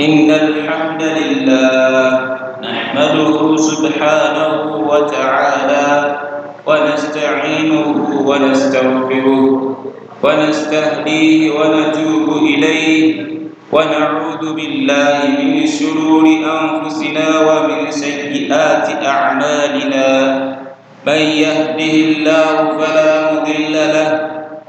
إن الحمد لله نحمده سبحانه وتعالى ونستعينه ونستغفره ونستهديه ونتوب إليه ونعوذ بالله من شرور أنفسنا ومن سيئات أعمالنا من يهده الله فلا مضل له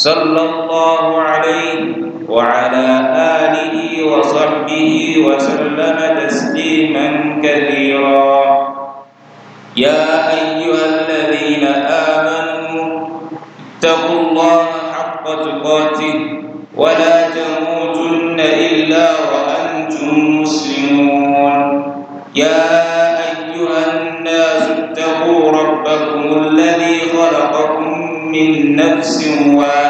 صلى الله عليه وعلى آله وصحبه وسلم تسليما كثيرا يا أيها الذين آمنوا اتقوا الله حق تقاته ولا تموتن إلا وأنتم مسلمون يا أيها الناس اتقوا ربكم الذي خلقكم من نفس واحدة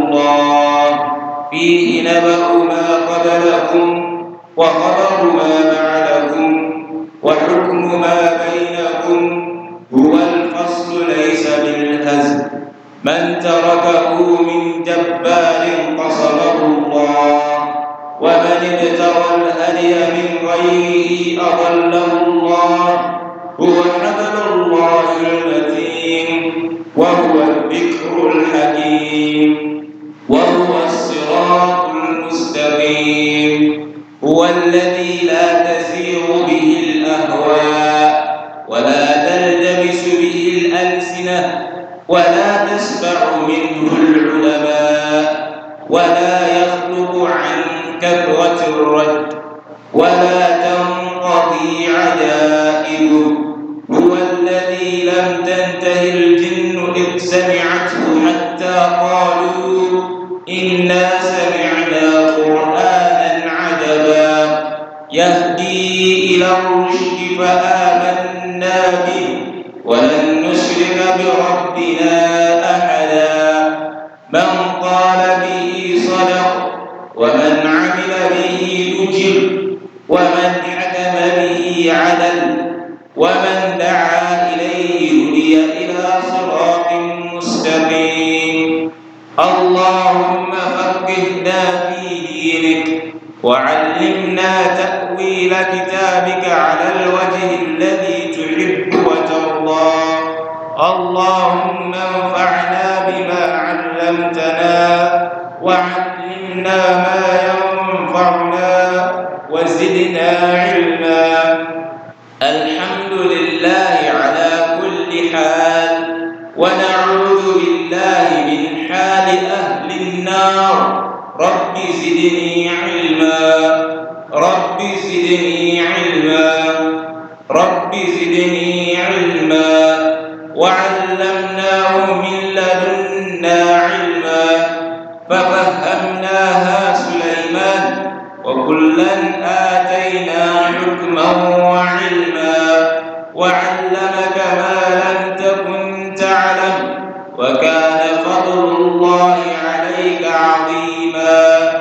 فيه نبأ ما قبلكم وخبر ما بعدكم وحكم ما بينكم هو الفصل ليس بالهزل من تركه من جبار قصده الله ومن ابتغى الهدي من غيره أضله الله هو حبل الله المتين وهو الذكر الحكيم وهو الرجيم هو الذي لا تسير به الأهواء ولا تلتمس به الألسنة ولا تسبع منه العلماء ولا يخلق عن كثرة الرد ولا علمك ما لم تكن تعلم وكان فضل الله عليك عظيما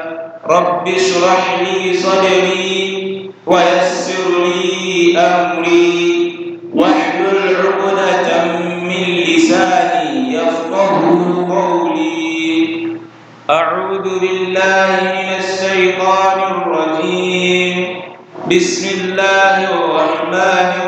رب اشرح لي صدري ويسر لي أمري واحلل عقدة من لساني يفقه قولي أعوذ بالله من الشيطان الرجيم بسم الله الرحمن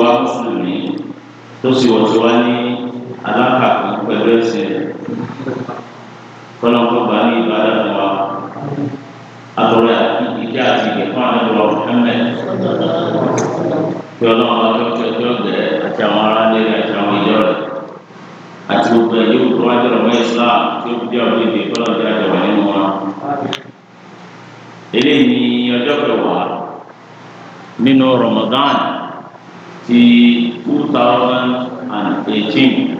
wá mùsùlùmí tó sì wọ́n ti wá ní alákàtún pẹ̀lú ẹ̀sìn rẹ̀ kọ́lọ́kọ́ bá ní ìbáradà wa àtọ̀rẹ́ ìdíkẹ́ àti ìgbẹ̀fọ́ àdébọ̀ ọ̀hẹ́mẹ̀ kí ọlọ́run ọjọ́ kẹjọ ọ̀gẹ̀ àti àwọn aráàlú rẹ̀ àti àwọn ìjọ rẹ̀ àti gbogbo ẹ̀yẹ òkú wájú ọ̀mọ́ Islam tí ó jẹ́ ọ̀dọ́ ìdè kọ́lọ́dé àjọwà nínú wọn. eléyìí ọjọ́ kẹwàá nínú Ramadan ti two thousand and eighteen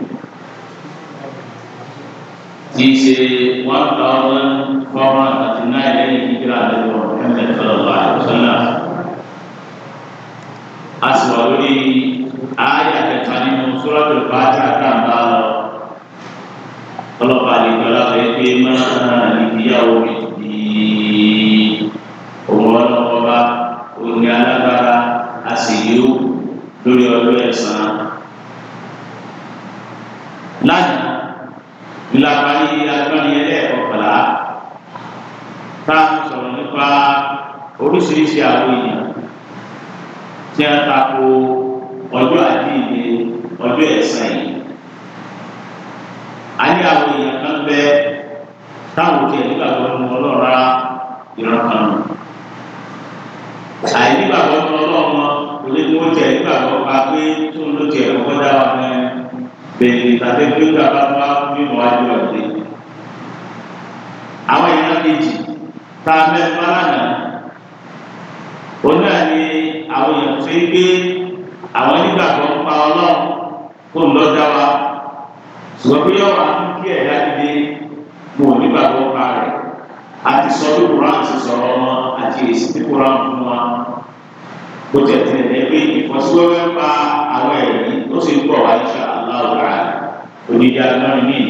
ti ṣe one thousand four hundred thirty nine lẹ́yìn ìdíra àdéhùn ẹ̀mẹ́ tọ́lọ̀bà àdùsọ́nà a sì wà lórí ààyè àtẹ̀tà nínú sọ́lọ́dọ̀ bá àtàǹbá lọ tọ́lọ̀bà àdìgbọ́lá fẹ́ gbé mọ́ra níbi mi. lórí ọdún ẹ̀sán. lánàá ìlàpàdé agbọ́nni ẹlẹ́ẹ̀kọ́kànlá tá a sọ̀rọ̀ nípa oríṣiríṣi àwọn èèyàn tí a tako ọjọ́ àdínde ọjọ́ ẹ̀sán yìí. a ní àwọn èèyàn kan bẹ táwọn òkè nígbàgbọ́ ọlọ́run rárá ìrọ̀kan nù. pé tó ló ti ẹ̀kọ́ dá wa ní bèèrè tàbí pé ó dàgbà tó wá fún mímọ́ wájú ọ̀dẹ́. àwọn èèyàn kejì tá a mẹ́rin márànà òun náà ni àwọn èèyàn tó ń gbé àwọn onígbàgbọ́ ń pa ọlọ́run kó ń lọ dá wa ṣùgbọ́n pé yọ̀wá ń kí ẹ̀dá dìde mo ò nígbàgbọ́ pa rẹ̀ àti sọ bí Kùránì ti sọ̀rọ̀ wọn àti èsì tí Kùránì fún wa kó tẹ̀ tẹ̀ ẹ pé ìfọ̀síwẹ́wẹ́ pa àwọn ẹ̀mí ó sì ń bọ̀ wá insha Allah ta'ala onídìí agbọ́n mi.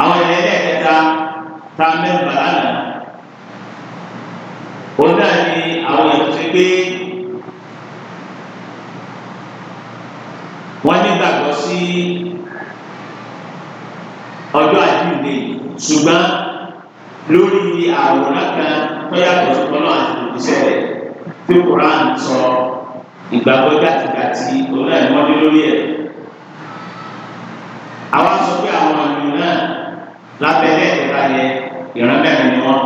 àwọn ẹ̀yẹ ẹ̀kẹta ta mẹ́fà lánàá ó náà ní àwọn èèyàn ti pé wọ́n nígbàgbọ́ sí ọjọ́ àjíǹde ṣùgbọ́n lórí àwòrán kan tó yàtọ̀ sí tọ́lọ́ àti òṣìṣẹ́ rẹ̀ tí Quran sọ ìgbàgbọ́ gàtìgàtì òun náà wọ́n dé lórí ẹ̀. àwa sọ pé àwọn ìlú náà lábẹ́lẹ́ ìta yẹ ìran mẹ́rin ni wọ́n.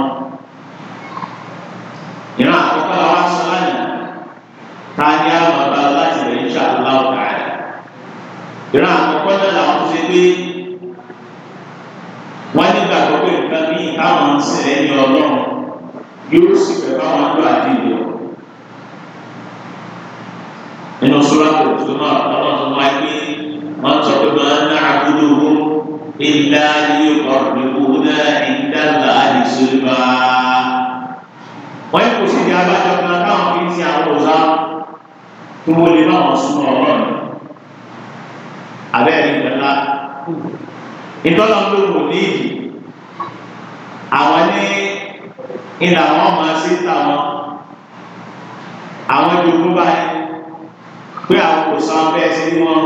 ìran àkọ́kọ́ àwa sọ lánàá ta ni a máa bá láti rẹ̀ ń ṣàlùlá ọ̀gá rẹ̀. ìran àkọ́kọ́ náà làwọn ṣe pé wọ́n nígbàgbọ́ táwọn ń sìn lẹ́yìn ọlọ́run yóò sì fẹ́ báwọn lò àdìyẹ. nínú sọ́ra kò tó náà ọlọ́run tó máa gbé wọ́n sọ pé máa ń ná àbúrò wọn ilá yí ọ̀rùn ìwò náà ìdá làálì sórí bá. wọ́n kò sì di abájọ kan táwọn fi ń sin àwọn ọ̀sá tó wọlé báwọn súnmọ́ ọ̀rọ̀ rẹ̀. abẹ́rẹ́ ìgbàlá ìtọ́lọ́gbọ̀n kò ní ìdí. àwọn ní ilà wọn máa ṣe ta wọn àwọn ìdòkú báyìí pé àwọn kò sọ bẹ́ẹ̀ sí wọn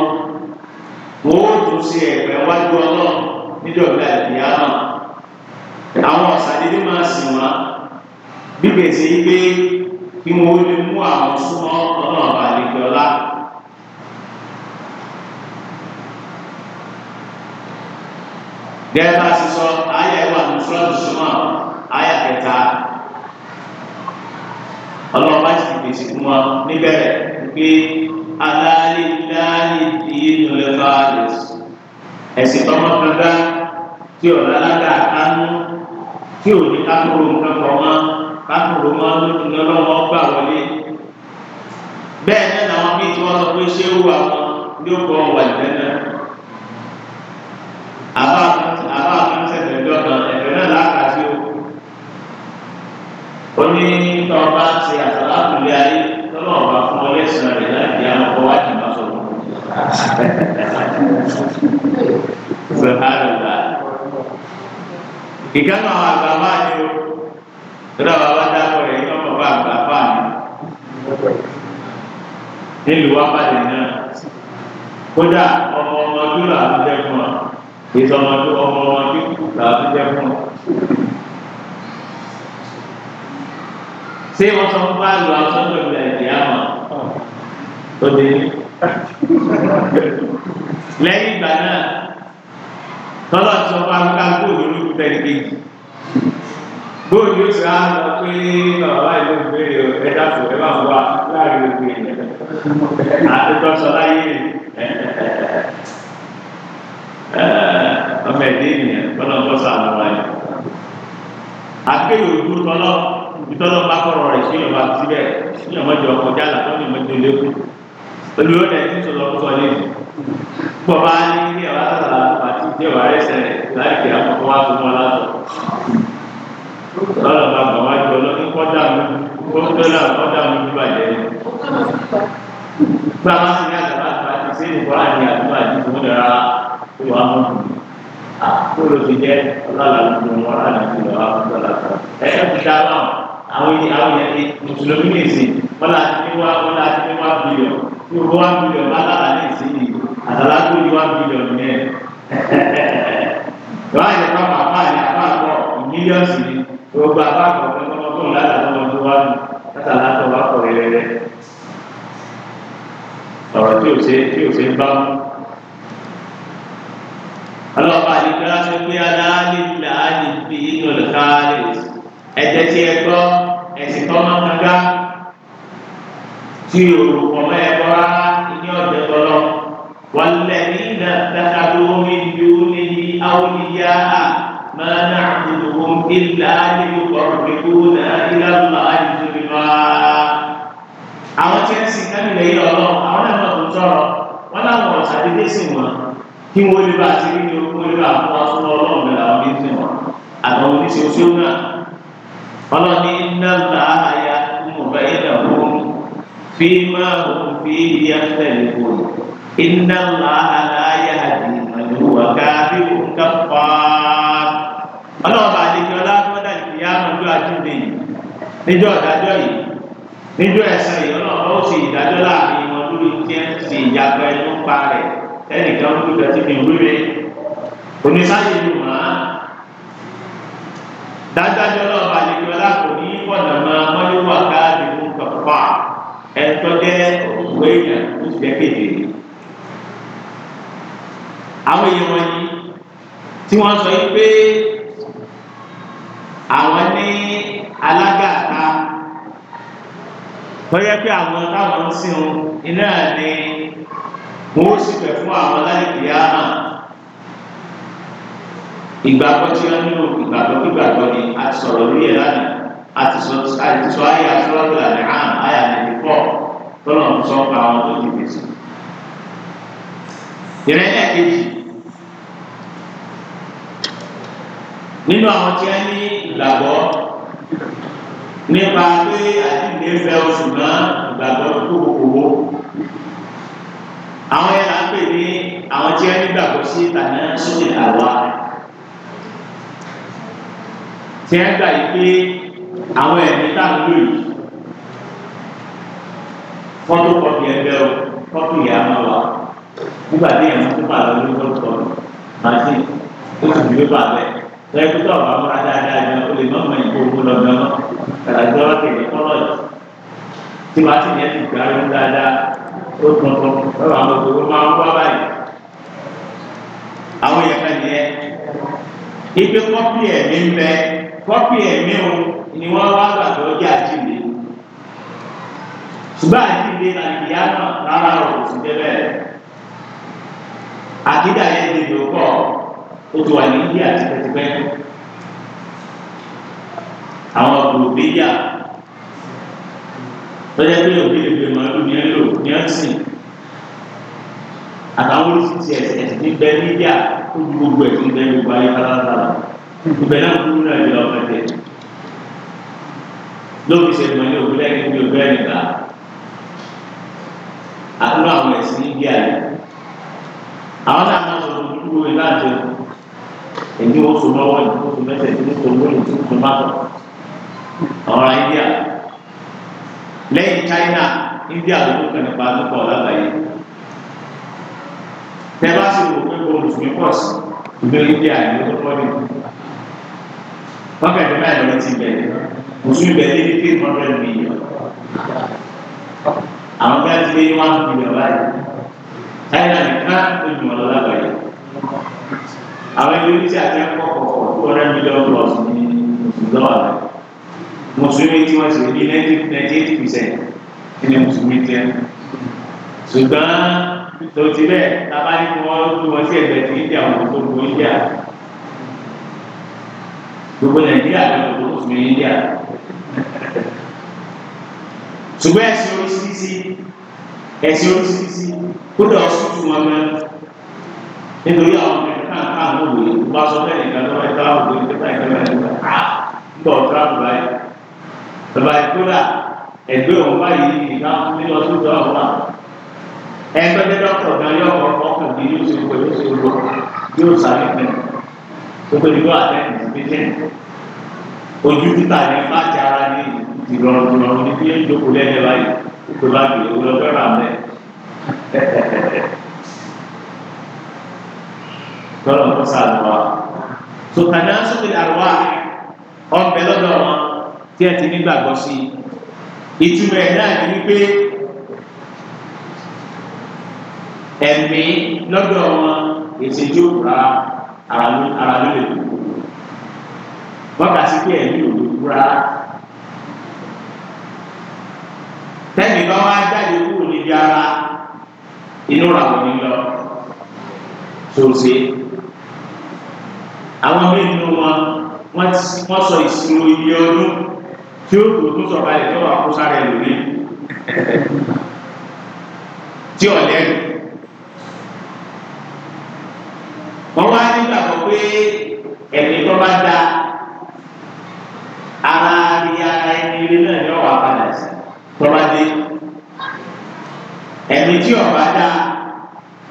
wọn ó tún ṣe ẹ̀pẹ́ wájú ọlọ́run níjọba ìyá náà àwọn ọ̀sàdédé máa sìn wọn bíbẹ̀ sí pé kí wọn ó lè mú àwọn súnmọ́ ọlọ́run àlejò ọlá. gẹ́gẹ́ bá a ti sọ ayé ẹ̀wà ní sọ́ọ̀tù súnmọ́ ayé kẹta ọlọ́ọ̀bá ti fèsì fún wa níbẹ̀rẹ̀ pé aláàlẹ́ láàlẹ́ ìdíyé ní ọlẹ́fà àdìs ẹ̀sìn tọmọ kankan tí ọ̀la lága kánú tí ò ní kákòrò nǹkan kan mọ́ kákòrò mọ́ lójúná lọ́wọ́ gbà wọlé bẹ́ẹ̀ náà làwọn míì tí wọ́n sọ pé ṣé ó wà wọn yóò kọ́ wà lẹ́nà àbá ọba ṣe àtàlákùnlé ayé tọ́lọ́ ọba fún ọ lẹ́sìn rẹ̀ láti àwọn ọkọ̀ wájú máa sọ fún un. ìkànnì àwọn àgbà máa ní o tọ́lá bàbá dákọ̀ rẹ̀ yín ọmọ bá àgbà fáàmì. nílùú abàdé náà kódà ọmọ ọmọdún làwọn jẹ fún ọ ìtọ́mọdún ọmọ ọmọdún làwọn fún ọ. ṣé wọ́n sọ fún báàlù àtọ́jọ́ ìgbà ìdíyà mọ̀ tó dé ní. lẹ́yìn ìgbà náà tọ́lọ̀ ti sọ fún akókò agbóòdù olóògùn tẹ̀lé kejì bóòdù ó sì á lọ pé bàbá ìlú ìbéèrè ẹ dàpọ̀ ẹ bá wà láàrin òkè àtúntò sọ láyé ọmọ ẹ̀dẹ́ ènìyàn gbọ́dọ̀ gbọ́sọ̀ àwọn ọmọ akéwì òdúró tọ́lọ́ ìtọ́nà bá kọ̀rọ̀ rẹ̀ sí ìyọ̀nba síbẹ̀ sí ìyọ̀mọ́jọ ọkọ̀já làtọ́nà ìmọ̀jọ lẹ́kọ̀ọ́ olùyọ̀ dẹ̀ ti sọ̀rọ̀ ọ̀tọ̀ ní pọ̀ bá ní ní ọ̀rá sàlà àti ìdí ọ̀rá rẹ̀ sẹ̀rẹ̀ láì kí àkọ́kọ́ wá fún wọn látọ̀ lọ́dọ̀ bá bà wá jọ lọ kọ́dà mú kọ́dà kọ́dà mú ní bàjẹ́ gba wá sí ní àgbà àgbà àti sí ìkọ́lá ní àdúgbò àti ìfowópamọ́ ìwà mọ́ àkóró ti jẹ́ ọlọ́lá ló ń wọ́n àwọn ilé àwọn ilé mùsùlùmí lè ṣe wọn là ti wá wọn là ti wá bílíọ̀n tí o bá wá bílíọ̀n bá lára lè ṣe yìí àtàlá tó wá bílíọ̀n yẹn lọ́wọ́ àyè pápá àpá àyè àpá àpọ̀ mílíọ̀nsì ni gbogbo àpá àpọ̀ ọ̀gbọ́n látàtọ̀ tó wá nù látàlá tó wá kọ̀ rẹ̀ ọ̀rọ̀ tí o ṣe tí o ṣe bá wọn. ọlọ́pàá àdìgbò láti pé aláàlì làálì bíi ìnùlẹ̀ káàlì ẹ̀jẹ̀ tí ẹ gbọ́ tọ́mọ kanga tí olùkọ́ mẹ́ẹ̀ bọ́ra ní ọ̀dẹ tọ́lọ́ والذين اتخذوا من دونه أولياء ما نعبدهم إلا ليقربونا إلى الله زلفى àwọn tí ń sin kánú lè yọ ọ àwọn náà máa tún tọrọ wọn láwọn ọ̀sàdédé sì wọn kí wọn lè bá àti nínú wọn lè bá àwọn ọlọ́run lọ́wọ́ bí ń sìn wọn àtàwọn oníṣẹ́ oṣù náà ọlọ́ni iná láàyà mọ̀gá ìdá wọn fi máa hùn fi yíyá tẹ̀lé wọn iná láàyà àti ìmọ̀lúwà káàbí wọn ká pa. ọlọ́ọ̀bà àdìgbò ọlọ́dúnrún ìyá ọjọ́ àjúndé yìí níjọ́ ìdájọ́ yìí níjọ́ ẹ̀sán yìí ọlọ́ọ̀bà ó sì ìdájọ́ láàrin wọn lórí jẹ́ sí ìyàgbọ́ ẹnu pa rẹ̀ ẹnìkan ń gbúdọ̀ tí mi wíwé onísáyé ló máa dájọ́ ọlọ́ọ̀ ẹ̀tọ́ jẹ́ òwò èèyàn ó sì jẹ́ kéde. àwọn èèyàn wọ̀nyí tí wọ́n sọ pé àwọn ní alágàta lọ́yẹ́ pé àwọn táwọn ń sìn iná ni wọ́n ó sì fún àwọn láìpẹ́ yára ìgbàgbọ́ tí wọ́n nínú ìgbàgbọ́ gbígbàgbọ́ ni a sọ̀rọ̀ lórí ẹ̀ lánàá àti sọ àti sọ ayé asọ́lọ́dọ̀ àti hàn ayé àti pọ̀ tọ́lọ̀ ń sọ pa àwọn tó ti fèsì. ìrẹ́lẹ̀ kejì nínú àwọn tí wọ́n ní ìgbàgbọ́ nípa pé àdìgbé fẹ́ oṣù náà ìgbàgbọ́ tó kòkòrò àwọn yẹn là pè ní àwọn tí wọ́n ní ìgbàgbọ́ sí ìtànà sókè àwa tí wọ́n gbà yí pé àwọn ẹ̀mí tá a lò yìí fọ́tò kọ́pì ẹgbẹ́ o fọ́tò ìyá máa wà nígbà tí ẹ̀mí tó bàbá lórí fọ́tò kọ́pì màṣí ó sì gbé bàbá ẹ̀ lẹ́yìn tó bàbá múra dáadáa ni o lè má mọ ìkó owó lọ mọ́ kàlàjọ́ kẹ̀lẹ́ kọ́lọ́ yìí tí wàá sì yẹn ti gbà ló dáadáa ó tuntun lọ́wọ́ àwọn òṣèlú máa ń wá báyìí àwọn yẹn kan nìyẹn ìgbé kọ́pì ẹ̀mí ń bẹ kọ́pì ẹ̀mí o ni wọ́n wá gbàgbọ́ ọjọ́ àjíǹde ṣùgbọ́n àjíǹde náà ìyá náà rárá o kò sí débẹ̀ àkídà yẹn ti lò pọ̀ ó ti wà ní India tipẹ́tipẹ́ àwọn gbòòbíyà lọ́jà pé òbí lè gbé màálù ní ẹ̀lò ní ọ̀sìn àtàwọn olùsìtì ẹ̀sìn ẹ̀sìn ní bẹ́ẹ̀ níyà ó ju gbogbo ẹ̀sìn bẹ́ẹ̀ gbogbo ayé kálákálá ìbẹ̀ náà kúrú náà yọ ọ̀pẹ̀ lóbi ṣe mọ ní òwúlẹ̀ ní bí òwúlẹ̀ nígbà àtúnú àwọn ẹ̀sìn ní bíà yìí àwọn náà máa sọ fún dúró ilé àjọ èmi ò sọ lọ́wọ́ ní kóso mẹ́sẹ̀ ní kóso lóyún tí kò má bọ̀ ọ̀rọ̀ India lẹ́yìn China India ló ń kàn nípa àtúkọ̀ lágbàáyé tẹ́ bá sì wò pé pọ̀ sí ìgbé India ló tó pọ̀ nínú wọ́n fẹ́ẹ́ dẹ́gbà ìlú ti bẹ̀ oṣù bẹ̀ ní fífi hundred million àwọn bá ti lé one billion báyìí China nìkan ó jùmọ̀ lọ lágbàáyé àwọn ilé tí a ti ń kọ́ kọ̀ọ̀kọ̀ two hundred million plus ní lọ́wọ́ rẹ̀ mùsùlùmí tí wọ́n ti rí ninety eight percent ní mùsùlùmí tẹ́ ṣùgbọ́n tó ti bẹ́ẹ̀ tábàdí wọn tó wọn sí ẹ̀gbẹ́ ti ń jà wọn tó gbó ń jà gbogbo nàìjíríà ló ń gbogbo òfin india ṣùgbọ́n ẹ̀sìn oríṣiríṣi ẹ̀sìn oríṣiríṣi kódà ọ̀ṣùtù wọn mẹ́ nítorí àwọn ọmọ ẹ̀ka nǹkan àwọn òwe bá sọ bẹ́ẹ̀ nìkan lọ́wọ́ ẹ̀ka òwe pẹ́pà ẹ̀ka ẹ̀ka ẹ̀ka á nígbà ọ̀dọ́ àbúrò ẹ̀ bàbá ìkódà ẹgbẹ́ òun báyìí nìkan nínú ọdún tó wà wà ẹgbẹ́ dẹ́dọ́kọ̀ náà yọ ọkọ̀ ọkọ̀ yìí yóò ṣe gbọ́ yóò ṣe gbọ́ yóò sáré pẹ́ẹ́ gbogbo ìlú àtẹnudù pété ojú títà ní fájà ara ní ìrọ̀rùn ìrọ̀rùn ní bíi ìjókòó lẹ́yìn báyìí ìpè bá gbèrè owó lọ́fẹ́ rà mẹ́. lọ́nà tó sàlù wa tó kàdá sókè àrùwá ọ̀bẹ lọ́dọ̀ wọn tí ẹ ti nígbàgbọ́ sí i ìtumọ̀ ẹ̀ náà ni wípé ẹ̀mí lọ́dọ̀ wọn èsì jókòó rárá ara ló ara ló lè kú wákàtí pé ẹ̀mí ò ló kú rárá tẹ́mi bá wá jáde kúrò níbi ara inú ra wọn ni lọ ṣòṣe àwọn mẹ́rin nínú wọn wọ́n sọ ìṣirò iye ọdún tí ó tó tó sọ̀rọ̀ ayé tó wà kó sára ẹlòmíì tí ọ̀lẹ́rìí wọ́n wá pé ẹni tó bá da ara ni ara ẹni ilé náà ni ọ̀wà padà sí tó bá dé ẹni tí ọ̀bá da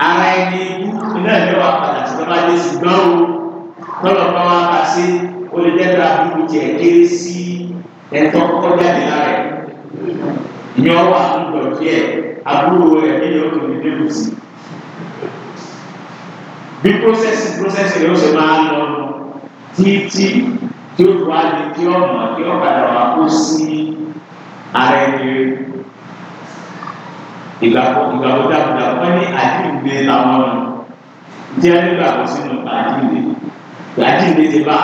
ara ẹni ikú náà ni ọ̀wà padà sí tó bá dé ṣùgbọ́n o tọ́lọ̀ bá wá bá sí ó lè dẹ́gbẹ́ àbúrò jẹ́ kéré sí ẹ̀tọ́ kọjá ní ẹ̀ ìyẹn ọ̀wà ń díẹ̀ àbúrò ẹ̀ nínú ọkùnrin lébùsì bí prósẹ́sì prósẹ́sì yóò ṣe máa lọ títí tí ó wá ní kí ọmọ kí ọ̀kadà wà kó sí ara ẹni ìgbàgbọ́ ìgbàgbọ́ dàgbà wọ́n ní àdínde làwọn ọ̀nà tí a nígbà kó sínú àdínde àdínde ti bá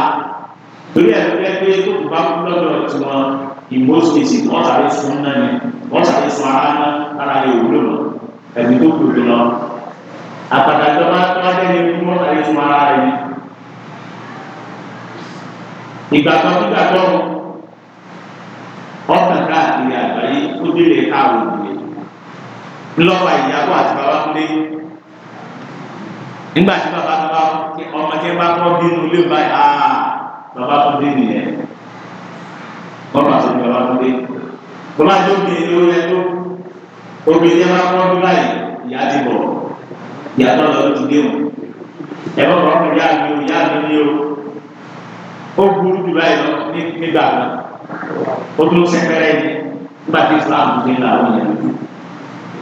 torí ẹ̀ ló jẹ́ pé tó kù bá kú lọ́dọ̀ tí wọ́n ìmọ̀síkèsì wọ́n sàlẹ̀ sún náà ni wọ́n sàlẹ̀ sún ara náà ara yóò wúlò lọ ẹ̀mí tó kù lọ àpàtà tó bá tó bá tẹ̀lé fún ayé tó ara rẹ̀ ni. ìgbàgbọ́ gbígbàgbọ́ ọkàn káàkiri àgbáyé ó délé káwọn òbí lọ́wọ́ ìyàwó àti bàbá kúlé nígbà tí bàbá bàbá ọmọ tí bá kọ́ bínú lé báyìí áá bàbá kúlé nìyẹn wọ́n bá tóbi bàbá kúlé bàbá tó bí ẹni ó yẹ tó obìnrin ìyàtọ̀ lọ ti dé o ẹ̀fọ́ kọ̀ ọ́kùnrin yá mi o yá mi ní o ó burú jù báyìí lọ nígbà náà ó tún sẹ́kẹ̀rẹ́ yìí nígbà tí Islam dé làwọn yẹn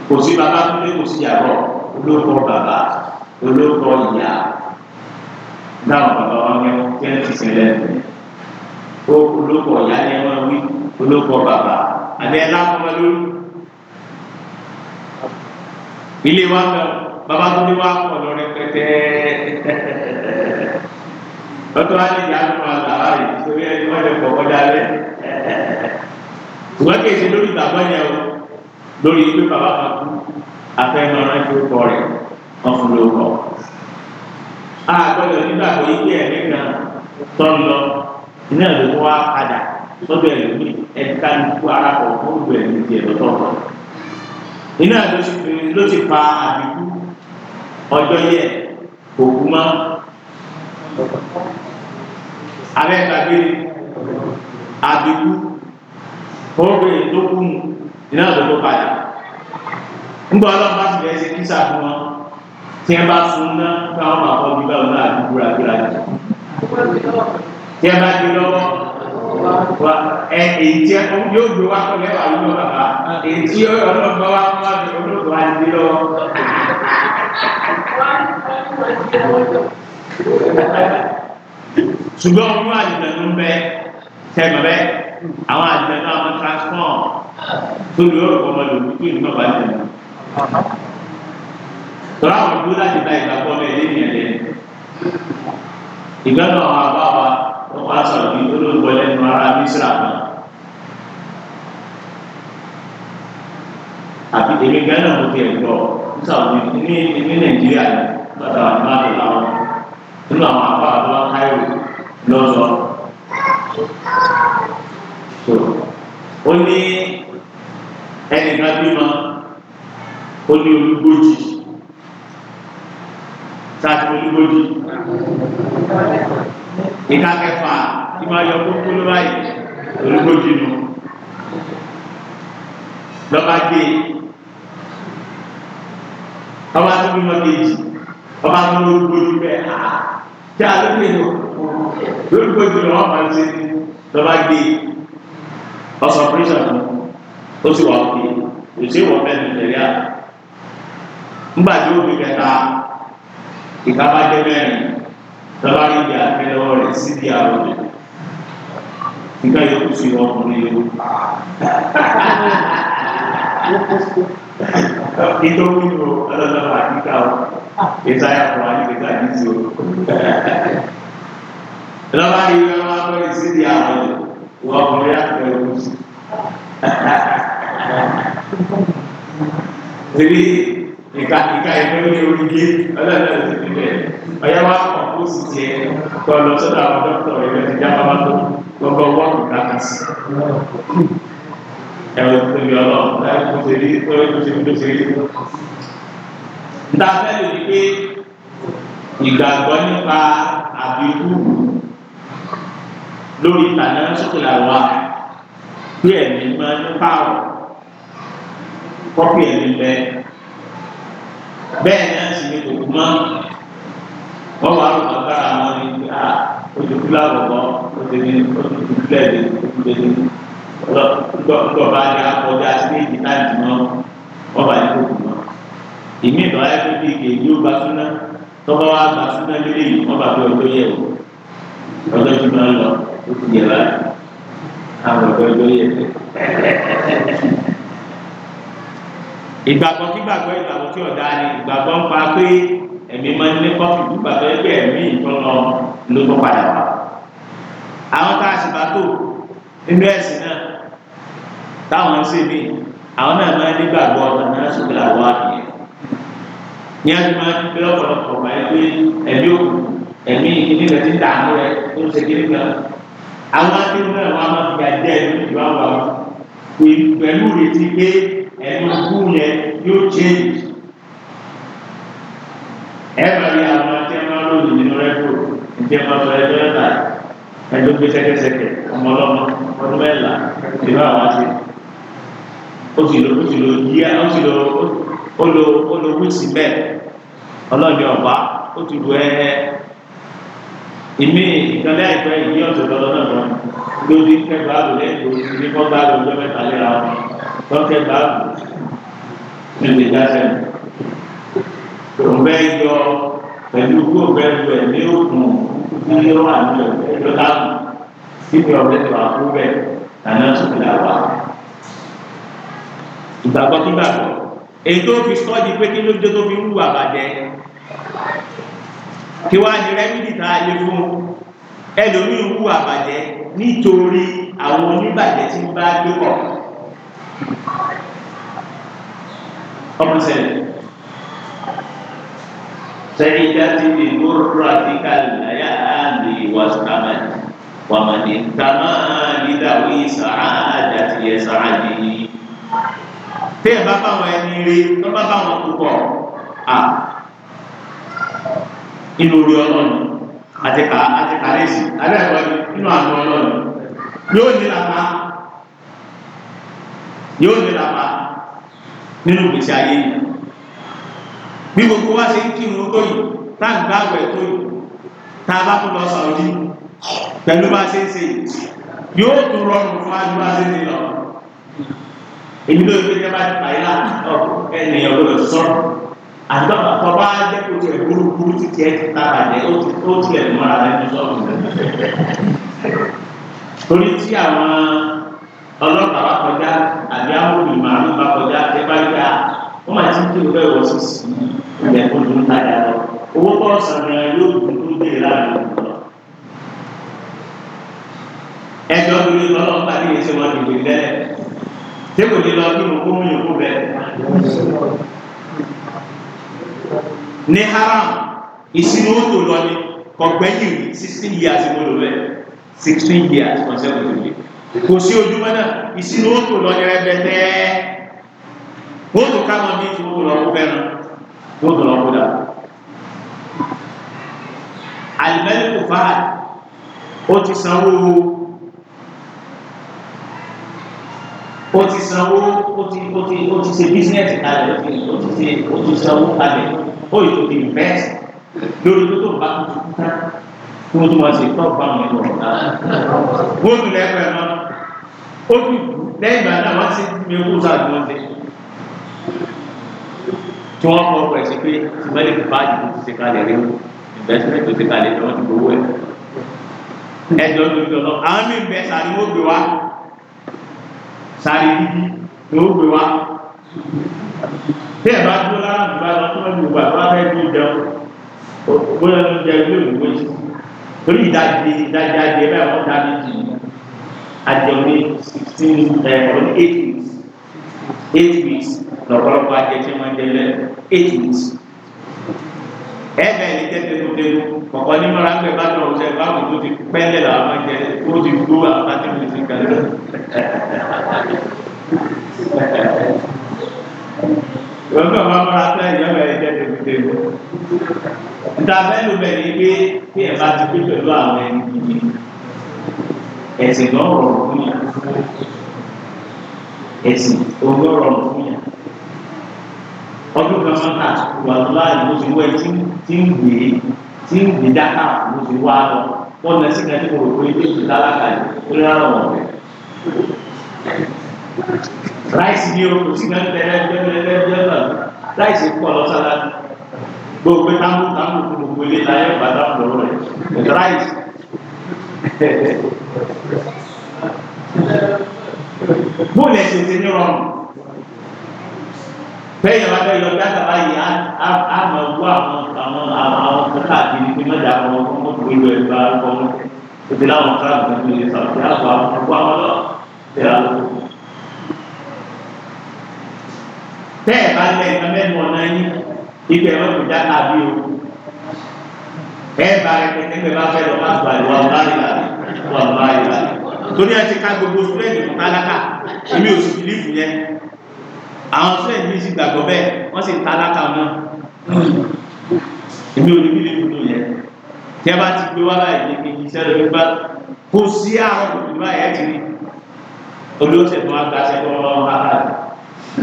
kò sí bàbá tó lé kò sí yàrá olóko bàbá olóko ìyá dáhùn bàbá wọn ní kí ẹ ti ṣẹlẹ̀ ó olóko ìyá ni wọn wí olóko bàbá àbẹ ẹ lákọọmọ lórí ilé wa bẹ̀rù bàbá tó ní wá pọ̀ lọ rẹpẹtẹ lọ́tọ́ á ní ìyanu àgbà rẹ̀ torí ẹni wọ́n lè pọ̀ kọjá rẹ̀ ṣùgbọ́n kèsì lórí ìgbàgbọ́ yẹn o lórí pé bàbá kan kú afẹ́mọ́ rántí ó kọ rẹ̀ wọ́n fún ló kọ. a gbọ́dọ̀ nígbàgbọ́ yìí pé ẹ̀mí kan tọ́ ń lọ iná ló mú wa padà sọ́dọ̀ ẹ̀ lómi ẹ̀ka ń kú ara pọ̀ fún ìgbẹ̀rẹ̀ ní tiẹ̀ lọ́tọ̀ọ̀tọ̀ iná ló ti pa àbíkú ọjọ́ yẹ kò kú mọ́ abẹ́ gbàgbé àbíkú orúkọ yìí tó kú mu iná lọ́dọ̀ padà ńgbọ́ ọlọ́run bá sì bẹ́ẹ̀ ṣe kíṣà fún wọn tí ẹ bá sun ná káwọn máa kọ́ bí báwọn náà àdúgbò àgbéra jù tí ẹ bá gbé lọ́wọ́ wa ẹ èyí yóò gbé wá pẹ̀lẹ́ wà lọ́wọ́ bàbá èyí tí ọlọ́run bá wá wá olóògbé wa ti gbé lọ́wọ́ ṣùgbọ́n wọn wá àjùmọ̀lú ń bẹ tẹ̀mọ̀ bẹ àwọn àjùmọ̀lú àwọn transform tó lè ọ̀rọ̀ ọmọdé òkúté ìlú náà bá tẹ̀lé. tọ́lá àwọn ìlú láti gba ìgbàgbọ́ bẹ́ẹ̀ lé nìyẹn lẹ́yìn. ìgbà náà wà bá wa wọ́n wá sọ̀rọ̀ bí olóńgbò lẹ́nu ara mísírà kan. àti èmi gánà mo ti ẹ̀ gbọ́. Saudi ini ini Nigeria kata Nabi Allah dulu apa apa Allah kayu lọ́sọ̀ so ó ní ẹnìkan bímọ ó ní olúgbòjì sáàtì olúgbòjì ìka kẹfà tí máa yọ kókó ló báyìí olúgbòjì nù lọ́ba gbé ọba tó bímọ kejì ọba tó lórúkọjú bẹ́ẹ̀ ha ah, kí a lókè lọ lórúkọjú lọ wọn máa ń ṣe lọba gbé ọsàn pírísà fún ó sì wà òkè kò sí ìwọ bẹ́ẹ̀ nìjẹrẹ à ńgbà tí ó fi kẹta ìkápá jẹ mẹ́rin lọba rí ìyá akẹlẹwọ rẹ síbi àwọn ọdẹ nígbà yóò kù sí ọkùnrin yòó. Itu minggu kalau lepas kau, kita yang berani kita disu. Lepas ini kalau aku di sini apa? Wah melihat terus. Jadi nikah nikah itu diurugi, ada ada di sini. Ayah wah aku sih kalau sudah dokter, jangan apa tu, gak gak wah kita kasih ẹ̀rọ tóbi ọlọ́run láti kó ṣe rí tó yẹ kó ṣe kó ṣe rí. níta fẹ́ẹ́ lè pé ìgbàgbọ́ nípa àbíkú lórí ìtàná sókèlà wa pé ẹ̀mí mọ́ nípa ọ̀ kọ́pì ẹ̀mí bẹ́ẹ̀ bẹ́ẹ̀ náà sì ni kò kú mọ́ wọ́n wà lóko agbára wọn ni pé a ojú kúlá rọ̀ bọ́ ojú kúlẹ̀ lè ojú lè lè gbọ̀ngbọ̀n bá ga ọjà stéèjì láti mọ́ ọba ní kókò mọ́. èmi ìdọ̀ ayé tó kéèké yóò gba súná tọ́gbà wa gba súná lélẹ̀ yìí wọ́n bá fi ọjọ́ yẹ̀ wò ọjọ́ tí wọ́n lọ ó ti yẹ báyìí àwọn ọjọ́ ọjọ́ yẹ̀ ìgbàgbọ́ kí gbàgbọ́ ìgbàgbọ́ tí ọ̀dà ni ìgbàgbọ́ ń pa pé ẹ̀mí máa ń lé kọ́fì gbàgbọ́ ẹgbẹ́ ẹ̀mí ìtọ́nà ló tó padà wá. àwọn tá a sì bá tó nínú ẹ̀sìn náà táwọn sì ní àwọn náà máa nígbàgbọ́ ọ̀nà náà sùgbọ́n àwọn àyè ní ẹni máa ń gbé ọ̀pọ̀lọpọ̀ máa ń gbé ẹ̀mí òkú ẹ̀mí ìdílé rẹ̀ ti dààmú rẹ̀ tó ń ṣe kiri kan àwọn akéwì náà wà máa fi àjẹ́ ẹ̀mí ìlú àwọn àwọn pẹ̀lú ìrètí pé ẹ̀mí òkú yẹn yóò change ẹ̀ bá yẹ àwọn tí wọ́n máa lòdì nínú rẹ̀ kúrò ìdí ẹ̀ máa sọ ẹjọ́ ẹ̀ta ẹjọ́ gbé sẹ́kẹ́sẹ́kẹ́ ọmọ ọlọ́mọ ọdún mẹ́la ìlú ó ti lọ ó ti lọ yíyá ó ti lọ ó lọ ó lọ wíìsì bẹ́ẹ̀ ọlọ́ọ̀ni ọ̀bá ó ti lu ẹ̀ẹ́ ìmí ìkànnì àìpẹ́ ìdí ọ̀sẹ̀ lọ́dọ̀ náà lọ lórí kẹgbàá lò lẹ́yìn lórí ní kọ́ bá lò lọ́jọ́ mẹ́ta léra wọn lọ́ kẹgbàá lò lẹ́yìn ìdájẹ́ òun yọ pẹ̀lú kó bẹ́ẹ̀ lu ẹ̀ ní òkun ní ó wà ní lọ́dà kí ni tó àkú bẹ́ẹ̀ tó fi ìgbàgbọ́ kí gbàgbọ́ èyí tó fi sọ́ọ́dì pé kí ló dé tó fi wù àbàjẹ́ kí wàá ní rẹ́mídì tá a lè fún ẹlòmíì wù àbàjẹ́ nítorí àwọn oníbàjẹ́ tí ń bá dúpọ̀ ọmọ sẹ́yìn sẹ́yìn dátì ní gbòòrò àti kàlàyà àmì wàsàmàdì wàmàdì tàmáà nídàwí sàáàdà tiẹ̀ sàáàdì yìí bẹ́ẹ̀ bá báwọn ẹni rí tó bá báwọn púpọ̀ à inú orí ọlọ́run àti kà àti kà lẹ́sìn alẹ́ẹ̀kọ́ inú àgbọ̀ ọlọ́run yóò nira pa yóò nira pa nínú gbèsè ayé yìí bí gbogbo wa ṣe ń kírun tó yìí tá à ń gbá àwẹ̀ tó yìí tá a bá tún lọ sàwọ́dí pẹ̀lú bá ṣe ń ṣe yóò tún rọrùn fún adúlá ṣe ń èmi ló gbé jẹba ti báyìí la ọ ẹnì ọlọ́dọ̀ sọ̀rọ̀ àtọ́ àtọ́ba jẹ́ kó tiẹ̀ burúkú ti tiẹ̀ ti ta bàjẹ́ ó ti ó tiẹ̀ mọ́ra lẹ́nu sọ̀rọ̀ torí tí àwọn ọlọ́pàá bá kọjá àbí àwọn olùmọ̀ràn bá kọjá ẹ bá yá ah, wọ́n máa ti ń kéwòn bẹ́ẹ̀ wọ́n sì sí ilẹ̀ tó ń ta yà lọ owó bọ́ sàmì yóò dùn tó dé láàrin lọ. ẹjọ́ mi lọ́lọ́pàá ní ìṣe wọn ìgbè lẹ́lẹ́ tí kò ní lọ kí mo kó mú yòókù bẹ ní haram ìsinmi ó tó lọ ni kọgbẹ́yìn sixteen years mo lò bẹ sixteen years consecutively kò sí ojúmọ́ náà ìsinmi ó tó lọ ni rẹpẹtẹ wọ́n tó ká wọn ní tí wọ́n lọ kó fẹ́ràn wọ́n tó lọ kó dà alimẹ́lì kò ó ti sanwó. sanwó ó ti ó ti ó ti ṣe bísíǹnẹ̀sì kalẹ̀ ó ti ó ti ṣe ó ti sanwó kalẹ̀ ó yìí tó ti invest lórí tó tó bá tó ti kú tán kí wọ́n tó wá ṣe tó bá wọn lọ. wọ́n tún lẹ́kọ̀ọ́ ẹ̀ náà ó tún lẹ́yìn ìgbà náà wọ́n ti mi kó sáà tó ń tí wọ́n kọ́ ọkọ̀ ẹ̀ sí pé ìmọ̀lẹ́kùn báàgì tó ti ṣe kalẹ̀ rí investment tó ti kalẹ̀ lọ́wọ́ ti gbowó ẹ̀. ẹ̀jọ̀ lójú ọ̀nà àwọn mí sáré bíbí ni ó gbé wá bí ẹ bá dúró lára àdúgbò àwọn tó wọn ní gbogbo àbúrò abẹ́ ìlú ìjẹun bóyá ló ń jẹ ilé ìwé yìí torí ìdajì ìdajì adìẹ bẹ́ẹ̀ wọ́n dá ní jù adìẹ ní sixteen ẹ̀ ọ́n eight weeks eight weeks lọ́pọ̀lọpọ̀ adìẹ tí wọ́n jẹ lẹ́nu eight weeks ẹ̀ẹ́dẹ̀ yìí jẹ́ tẹ́kùtẹ́kù kọ̀kọ́ ní mọ́ra pé bá tọ̀ ọ̀sẹ̀ bá wọn tó ti pẹ́lẹ̀ làwọn máa jẹ ó ti gbó àwọn àti mi ti kàn lọ. ìwọ́n bí ọba mọ́ra pé ìyá bẹ̀rẹ̀ jẹ́ tẹ́kùtẹ́kù. níta bẹ́ẹ̀lú bẹ̀rẹ̀ pé bí ẹ̀ bá ti pé pẹ̀lú àwọn ẹni yìí ẹ̀sìn lọ́rọ̀ fún yà ẹ̀sìn lọ́rọ̀ fún yà ọdún kan máa ń tà wà láàyè mo ti wẹ tí ń gbé tí ń gbé dáká mo ti wá lọ wọn lọ sí kẹtí rò pé ilé ìtura alága yìí ó lè rárá wọn. ráìsì ni o kò sí náà tẹ́lẹ̀ tẹ́lẹ̀ tẹ́lẹ̀ ráìsì pọ̀ lọ́sàlá gbogbo táwọn táwọn kò gbogbo ilé láyé bàtà lọ́rọ̀ rẹ̀ ráìsì. bóòlù ẹ̀sìn ti ní rọrùn bẹ́ẹ̀ wá bẹ́ẹ̀ lọ bí àtàlà yìí á máa wú àwọn àwọn àwọn kọ́kà àkìrí pé má dà wọn kó tó ìlú ẹ̀ bá kọ́ wọn ètò láwọn kan àgbà tó lè sàkóso àgbà àkókò àwọn lọ bẹ́ẹ̀ á lọ. bẹ́ẹ̀ bá lẹ̀ ẹ̀ka mẹ́nu ọ̀nà yín ibi ẹ̀rọ kò dá àbí o bẹ́ẹ̀ bá rẹ̀ pé ẹgbẹ́ bá fẹ́ lọ bá gbà ìwà ọ̀bá ìlà ìwà ọ̀bá ìlà torí àwọn fúlẹ̀dì mi sì gbàgbọ́ bẹ́ẹ̀ wọ́n sì ń ta láka náà èmi ò ní bí lè dúró yẹ tí a bá ti gbé wá báyìí ní kejì iṣẹ́ lórí bá kó sí àwọn òbí báyìí ẹ̀ ti rí olóòṣè tó wá gbaṣẹ́ tó wọ́n wá bá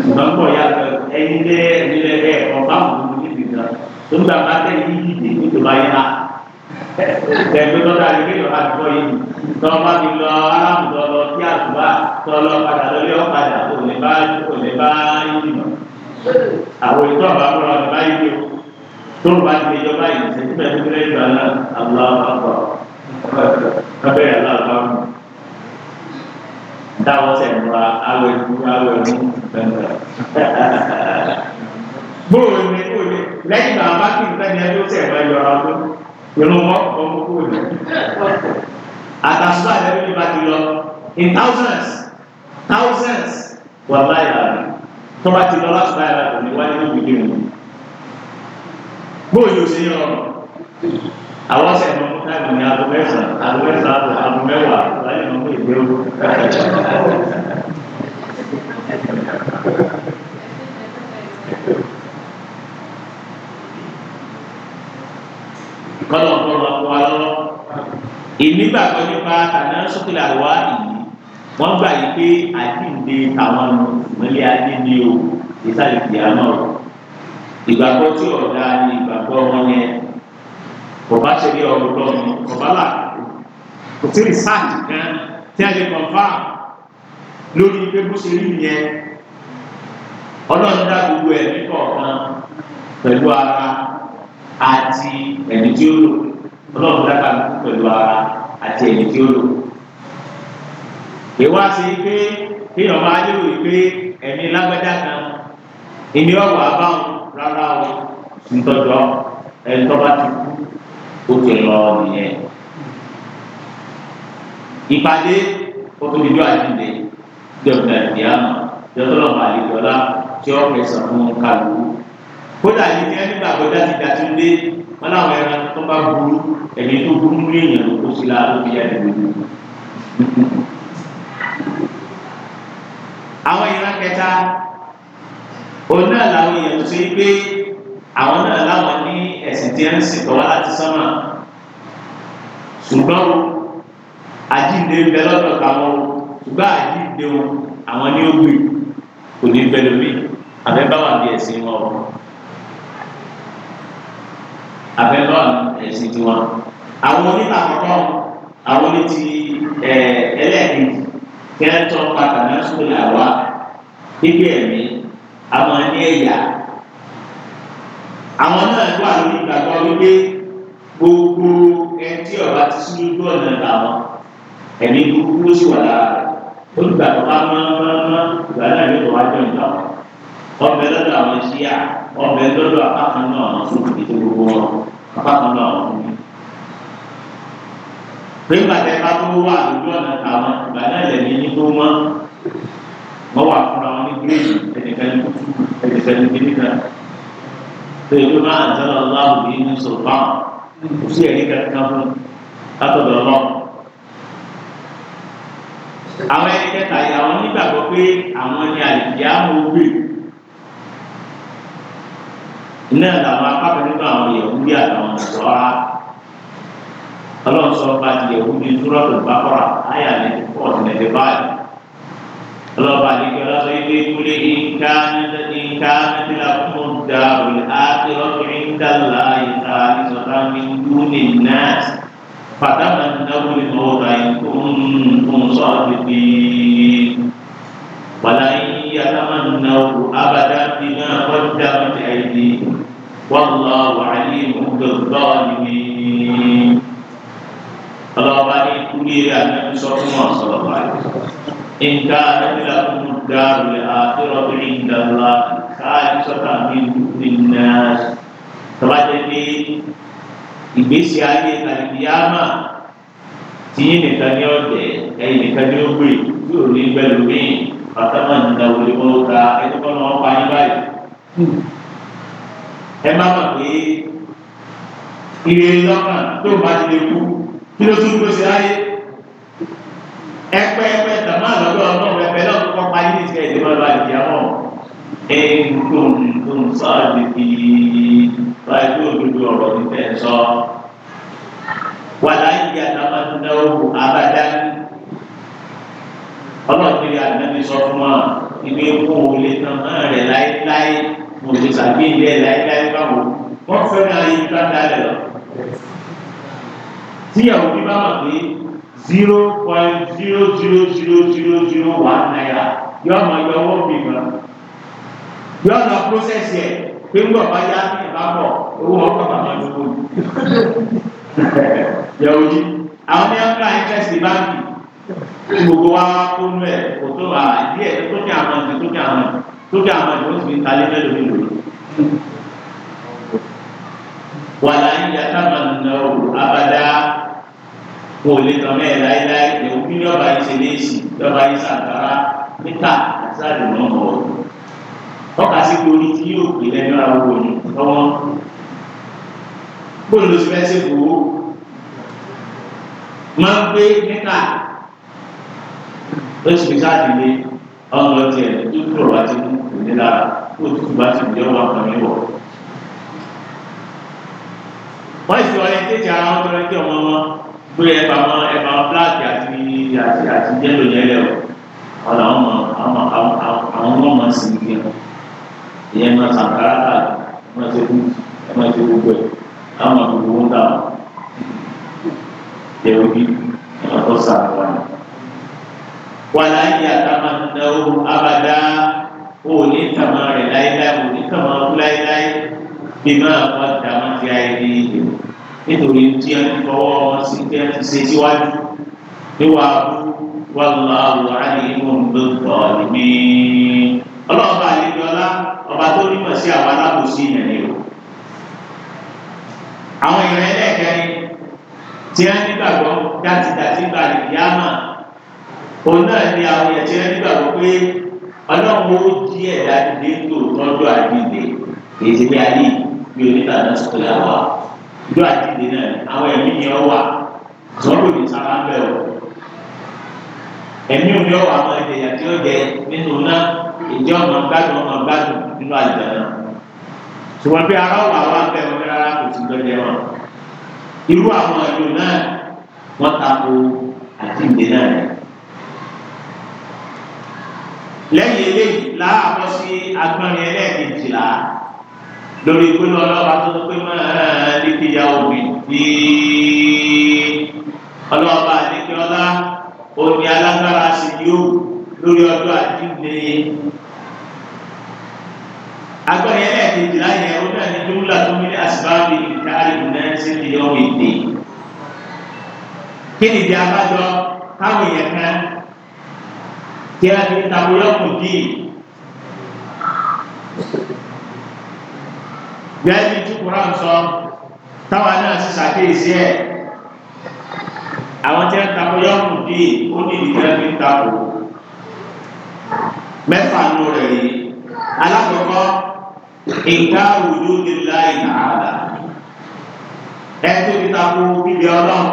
ìgbọ́n pọ̀ ya lọ ẹni lé ẹni lé ẹ̀ ọ̀bá òun ní ìgbìyànjú tó ń gbà bá tẹ̀ yí ìdè nítorí báyìí náà ẹgbẹ́ tọ́ta ni kí lọ́ọ́ àtúbọ̀ yìí tọ́ bá ti lọ alámùtọ́ lọ kí àtúbà tọ́ lọ padà lórí ọ̀padà kò lè bá kò lè bá yìí nù. àwọn ètò ọ̀bá kọ́ra ọ̀bá yìí o tó bá ti lè yìí ṣe tíbẹ̀ tó kéré jù àná àbúrò àpapọ̀ ọbẹ̀ yàrá àpapọ̀ dáwọ́ sẹ̀mùra awẹ̀ awẹ̀ mú bẹ́ẹ̀ bóòlù lẹ́yìn bàbá kì í fẹ́ ni ẹjọ́ sẹ̀mùra pẹ̀lú wọn ọmọ kúrò ní. àtàsúwà ìdẹ́rù ní bàtí lọ in thousands thousands wà láyà rẹ̀ tọ́ba ti lọ láti láyà rẹ̀ ní wáyé ní ìdí wọn. bóyá o ṣe yọ àwọn ọ̀sẹ̀ ìmọ̀ fún káàdì ní aago mẹ́sàn-án aago mẹ́sàn-án aago mẹ́wàá láyé ìmọ̀ fún ìgbé owó. Thank you. kọ́lọ̀ ọ̀pọ̀lọ̀ ọ̀pọ̀ alọ́rọ́ ìnígbàgbọ́ nípa tàná sókèlè àwa yìí wọ́n gbà yí pé àdínde tàwọn ìmọ̀lẹ́ àdínde o ìsàlẹ̀ ìyá náà ìgbàgbọ́ tí ọ̀dà ni ìgbàgbọ́ wọn yẹn bọ̀bá ṣe bí ọ̀rọ̀ lọ́nà là kò tí ì kan tí a lè mọ̀ fà lórí pé bó ṣe rí yẹn ọlọ́run dá gbogbo ẹ̀ nípa ọ̀kan pẹ̀lú ara àti ẹni tí ó lò ọlọ́run dábàá pẹ̀lú ara àti ẹni tí ó lò. ìwá sí pé bí ọba yóò rí pé ẹ̀mí lágbájá kan ìní ọ̀wọ̀ àbáwọn rárá o ntọ́jọ́ ẹni tó bá ti kú ó ti lọ nìyẹn. ìpàdé ó tó di jọ àdìdè jọ̀dọ̀ ìdíyàmọ̀ jọ̀dọ̀ ọ̀bà tí ó fẹsẹ̀ fún kálukú kódà yìí ní ẹni gbàgbọ́ dájú dájú dé wọn làwọn ẹran tó bá burú ẹ̀mí tó burú ní èèyàn ló kó sí la ló fi yá ìwé ni. àwọn ìran kẹta òun náà làwọn èèyàn tó ṣe pé àwọn náà láwọn ní ẹ̀sìn tí ń sìn tọ́wọ́ láti sánmà ṣùgbọ́n àjíǹde ń bẹ lọ́dọ̀ táwọn ṣùgbọ́n àjíǹde wọn àwọn ní ó kò ní bẹ̀rẹ̀ mi àbẹ́báwá bí ẹ̀sìn wọn abẹ́tọ́ ẹ̀sìn tiwọn àwọn onítàkọ́tọ́ àwọn onítì ẹlẹ́ẹ̀kejì kẹ́ńtọ́ pátá náà sóòlù àwa bíbí ẹ̀mí àwọn ẹni ẹ̀yà àwọn náà wà lórí ìgbàgbọ́ wípé gbogbo ẹtí ọba ti sún lójú ọ̀nà làwọn ẹ̀mí gbogbo ó sì wà lára rẹ̀ olùgbàgbọ́ bá mọ́ mọ́ mọ́ ìgbà náà yóò wá jọ ìgbà wọn lọ́dọ̀ àwọn ṣíyà ọbẹ̀ lọ́dọ̀ apákan náà ọ̀nà fún ètò gbogbo wọn apákan náà ọ̀nà fún mi. pé pàtẹ ká tó wà lójú ọ̀nà táwọn ìgbà náà lè ní ní tó mọ́ wọ́n wà fúnra wọn ní gírèjì ẹnìkan ní kúkú ẹnìkan ní kíníkà. pé ìlú náà ń sẹ́lọ̀ láwùjọ yìí ní sọ̀rọ̀ báwọn kò sí ẹ̀rí kankan fún látọ̀dọ̀ ọlọ́run àwọn ẹni kẹta yìí nígbàgbọ́ pé àwọn ni àlìyá mọ̀ wí iná làwọn apákan nínú àwọn yahudi àtàwọn ìṣọ́ra ọlọ́run sọ bá ti yahudi túrọ́tò bákọ́ra ayà ní pọ́ọ̀tù nẹ̀dí báyìí ọlọ́ba àdìgbò lọ́sọ ilé ìkúlé ìka ìka nílá fún ọ̀dà òlì áàtì ọkùnrin dàlá ìta ìsọ̀tà mi dúnì náà pàtàkì náà wọlé ọ̀dà ìkóhùn tó sọ̀rọ̀ pípé. ولا يتمنوا أبدا بما قدمت أيديهم والله عليم بالظالمين الله عليك إلى النبي صلى الله عليه وسلم إن كانت لكم الدار الآخرة عند الله خالصة من دون الناس تبادلي ìgbésí ayé àlìyámà tí yín nìkan ní ọ̀dẹ̀ ẹ̀yìn nìkan ní ó gbé tí ò ní gbẹlòmíì pàtàkì ìdá wòlé wọn ta ẹni kọ́ ni wọ́n pa yín báyìí. ẹ má mọ̀ pé ìrè lọ́kàn tó bá ti lè kú kí ló tún gbèsè láyé. ẹpẹ ẹpẹ tàmá lọ́dọ̀ ọlọ́run ẹpẹ náà kọ́ pa yín níṣẹ́ ìdí wọn bá di àwọn ẹ̀ẹ́dùn tó ń sọ àdìdì báyìí tó dúdú ọ̀rọ̀ nífẹ̀ẹ́ sọ. wàlá ìyá tàmá tó náwó abájáde ọlọ́ọ̀dúnrún yà nẹ́bí sọ fún wa ìwé kó o lè tán náà rẹ̀ láéláé mo lè sàgbé ilé láéláé báwo wọ́n fẹ́ràn ayé bá dalẹ̀ lọ. tíyàwó bí bá wà pé zero point zero zero zero zero zero one naira yọ ọmọ yọ owó bìbọn yọ ọ̀nà process yẹ pé ń bọ̀ bá yá ní ìbábọ̀ owó ọkọ̀ bàbá ló wọlé. yàwó yìí àwọn ní ọkọ̀ àìkẹ́sì báńkì gbogbo wa kó nú ẹ kò tó wà díẹ̀ tó kí àwọn ẹni tó kí àwọn ẹni tó kí àwọn ẹni ó sì ń talé mélòó mélòó wà láyé yàtá màá nà ó abada kò lè tàn mẹ́ẹ̀ láéláé èwú bí yọba yìí ṣe lé sí yọba yìí ṣàǹkárá níta àti àdùnnà ọ̀ ọkà sí pé orí tí yóò pè lẹ́nu àwọn òní lọ́wọ́ bóyá ló ti fẹ́ máa ń gbé níta ó sì fi káàdì lé ọ̀nà tiẹ̀ tó kúrò wá mú ìnira kó tó bá ti di ọwọ́ àkànní wọ̀. wọ́n sì wọlé tètè ara wọn tọ́lá tí ọmọ wọn gbé ẹ̀bà wọn ẹ̀bà wọn bíláàkì àti àti àti yẹ́lò yẹn lẹ̀ wọ̀ ọ̀là ọmọ àwọn àwọn ọmọ sì ń gbé wọn ìyẹn máa sàn káràkà máa ṣe kú máa ṣe gbogbo ẹ̀ àwọn àgbègbè wọn dà wọ́n yẹ wọ́n bí tó sàn wàlá yà tàmà náwó abàdá ó ni tàmà rẹ̀ láéláé ó ní tàmà ó láéláé bí máa wà dàmà ti ayé ní ìlú nítorí tí a ti fọwọ́ wọn sí tí a ti ṣe síwájú ní wàá wà láwùrọ̀ àyè ìmọ̀ nǹkan ọ̀nìmí ọlọ́ọ̀bá àlejò ọlá ọba tó nímọ̀ sí àwọn alábòsí yẹn ni o àwọn ìrìn ẹlẹ́ẹ̀kẹ́rin tí a nígbàgbọ́ dátidàtí gbàlè yá máa òun náà ni àwọn ẹ̀tí rẹ̀ nígbàgbọ́ pé ọlọ́run ó jí ẹ̀dá dìde tó tọ́jú àdìde èyí bí ayé bí oníta náà sọ̀tẹ̀lẹ̀ wà ìjọ àdìde náà àwọn ẹ̀mí ni ọ wà sọ́dọ̀ ní sábà ń bẹ̀ ọ́ ẹ̀mí òní ọ̀wà àwọn ẹ̀dẹ̀ yàtí ó jẹ nínú náà ìjọ ọmọ gbádùn ọmọ gbádùn nínú àjọ náà ṣùgbọ́n bí ara ọ̀wà wà bẹ̀ wọn rárá kò sí lọ́jẹ́ wọn irú àwọn ẹ̀dùn náà wọ́n tako àdìde náà lẹ́yìn eléyìí láàbọ̀ sí agbọ́nrin ẹlẹ́ẹ̀kejìlá lórí ìpinnu ọlọ́ba tó pé máa ní kíyà òbí ní ọlọ́ba àdékẹ́ọ́lá òní alágbára sí yóò lórí ọjọ́ àdínde agbọ́nrin ẹlẹ́ẹ̀kejìlá yẹn ó náà ní dúró látọ́ ní àsìbáàbí ìkárí náà sí ìyọ́mìdì kí nìdí abájọ káwọn èèyàn kan tí a ti tako yọkùn díì gẹ́gẹ́ bí túkúrọ̀ ń sọ táwa náà sì ṣàkíyèsí ẹ̀ àwọn tí a tako yọkùn díì ó ní ìdílé fi ń tako mẹ́fà nù rẹ̀ yìí alákọ̀ọ́kọ́ nǹkan àwùjọ ní láì nàá ẹ tó ti tako bíbí ọlọ́run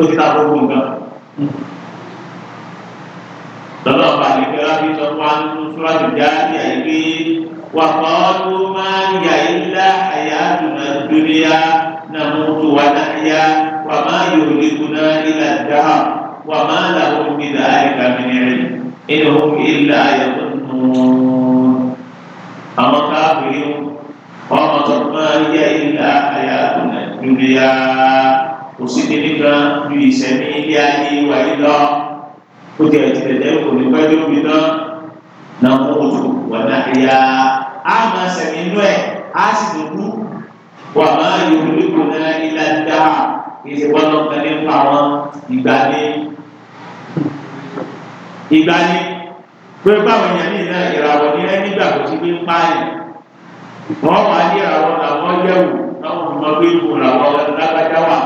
ó ti tako gbọ̀ngàn lọ́dọ̀ ọba àgbẹ̀fẹ́ láti sọ fún wa nínú súwájú jáde àìgbé wà kọ́ọ́dún máa ń yà ilá àyà àdùnà dúníyà náà mú tó wà láyà wà máa yòó lékun náà ilà dáhà wà máa làwọn òbí láàyè kàmínírì ẹni òun ilà àyàwó nù. àwọn káàbìrì ọmọ tó máa ń yà ilá àyà àdùnà dúníyà kò sí kíní kan ju ìsẹ̀mí ilé ayé wáyé lọ ó ti ẹ̀tì tẹ̀tẹ̀ kò ní pẹ́ tó fi tán náà mú òtù wà láàyà á máa sẹ̀mí inú ẹ̀ á sì tún kú wà máa yọ olóko náà ilá dá ìṣe wọn lọ pẹ́ nípa wọn ìgbà ní ìgbà ní pé báwọn èèyàn ní ìlànà ìràwọ̀ ní ẹni gbà kó ti gbé ń pààyàn wọn wà ní ìràwọ̀ làwọn yẹ̀wò táwọn ọmọ gbé ìwò làwọn lágbájá wà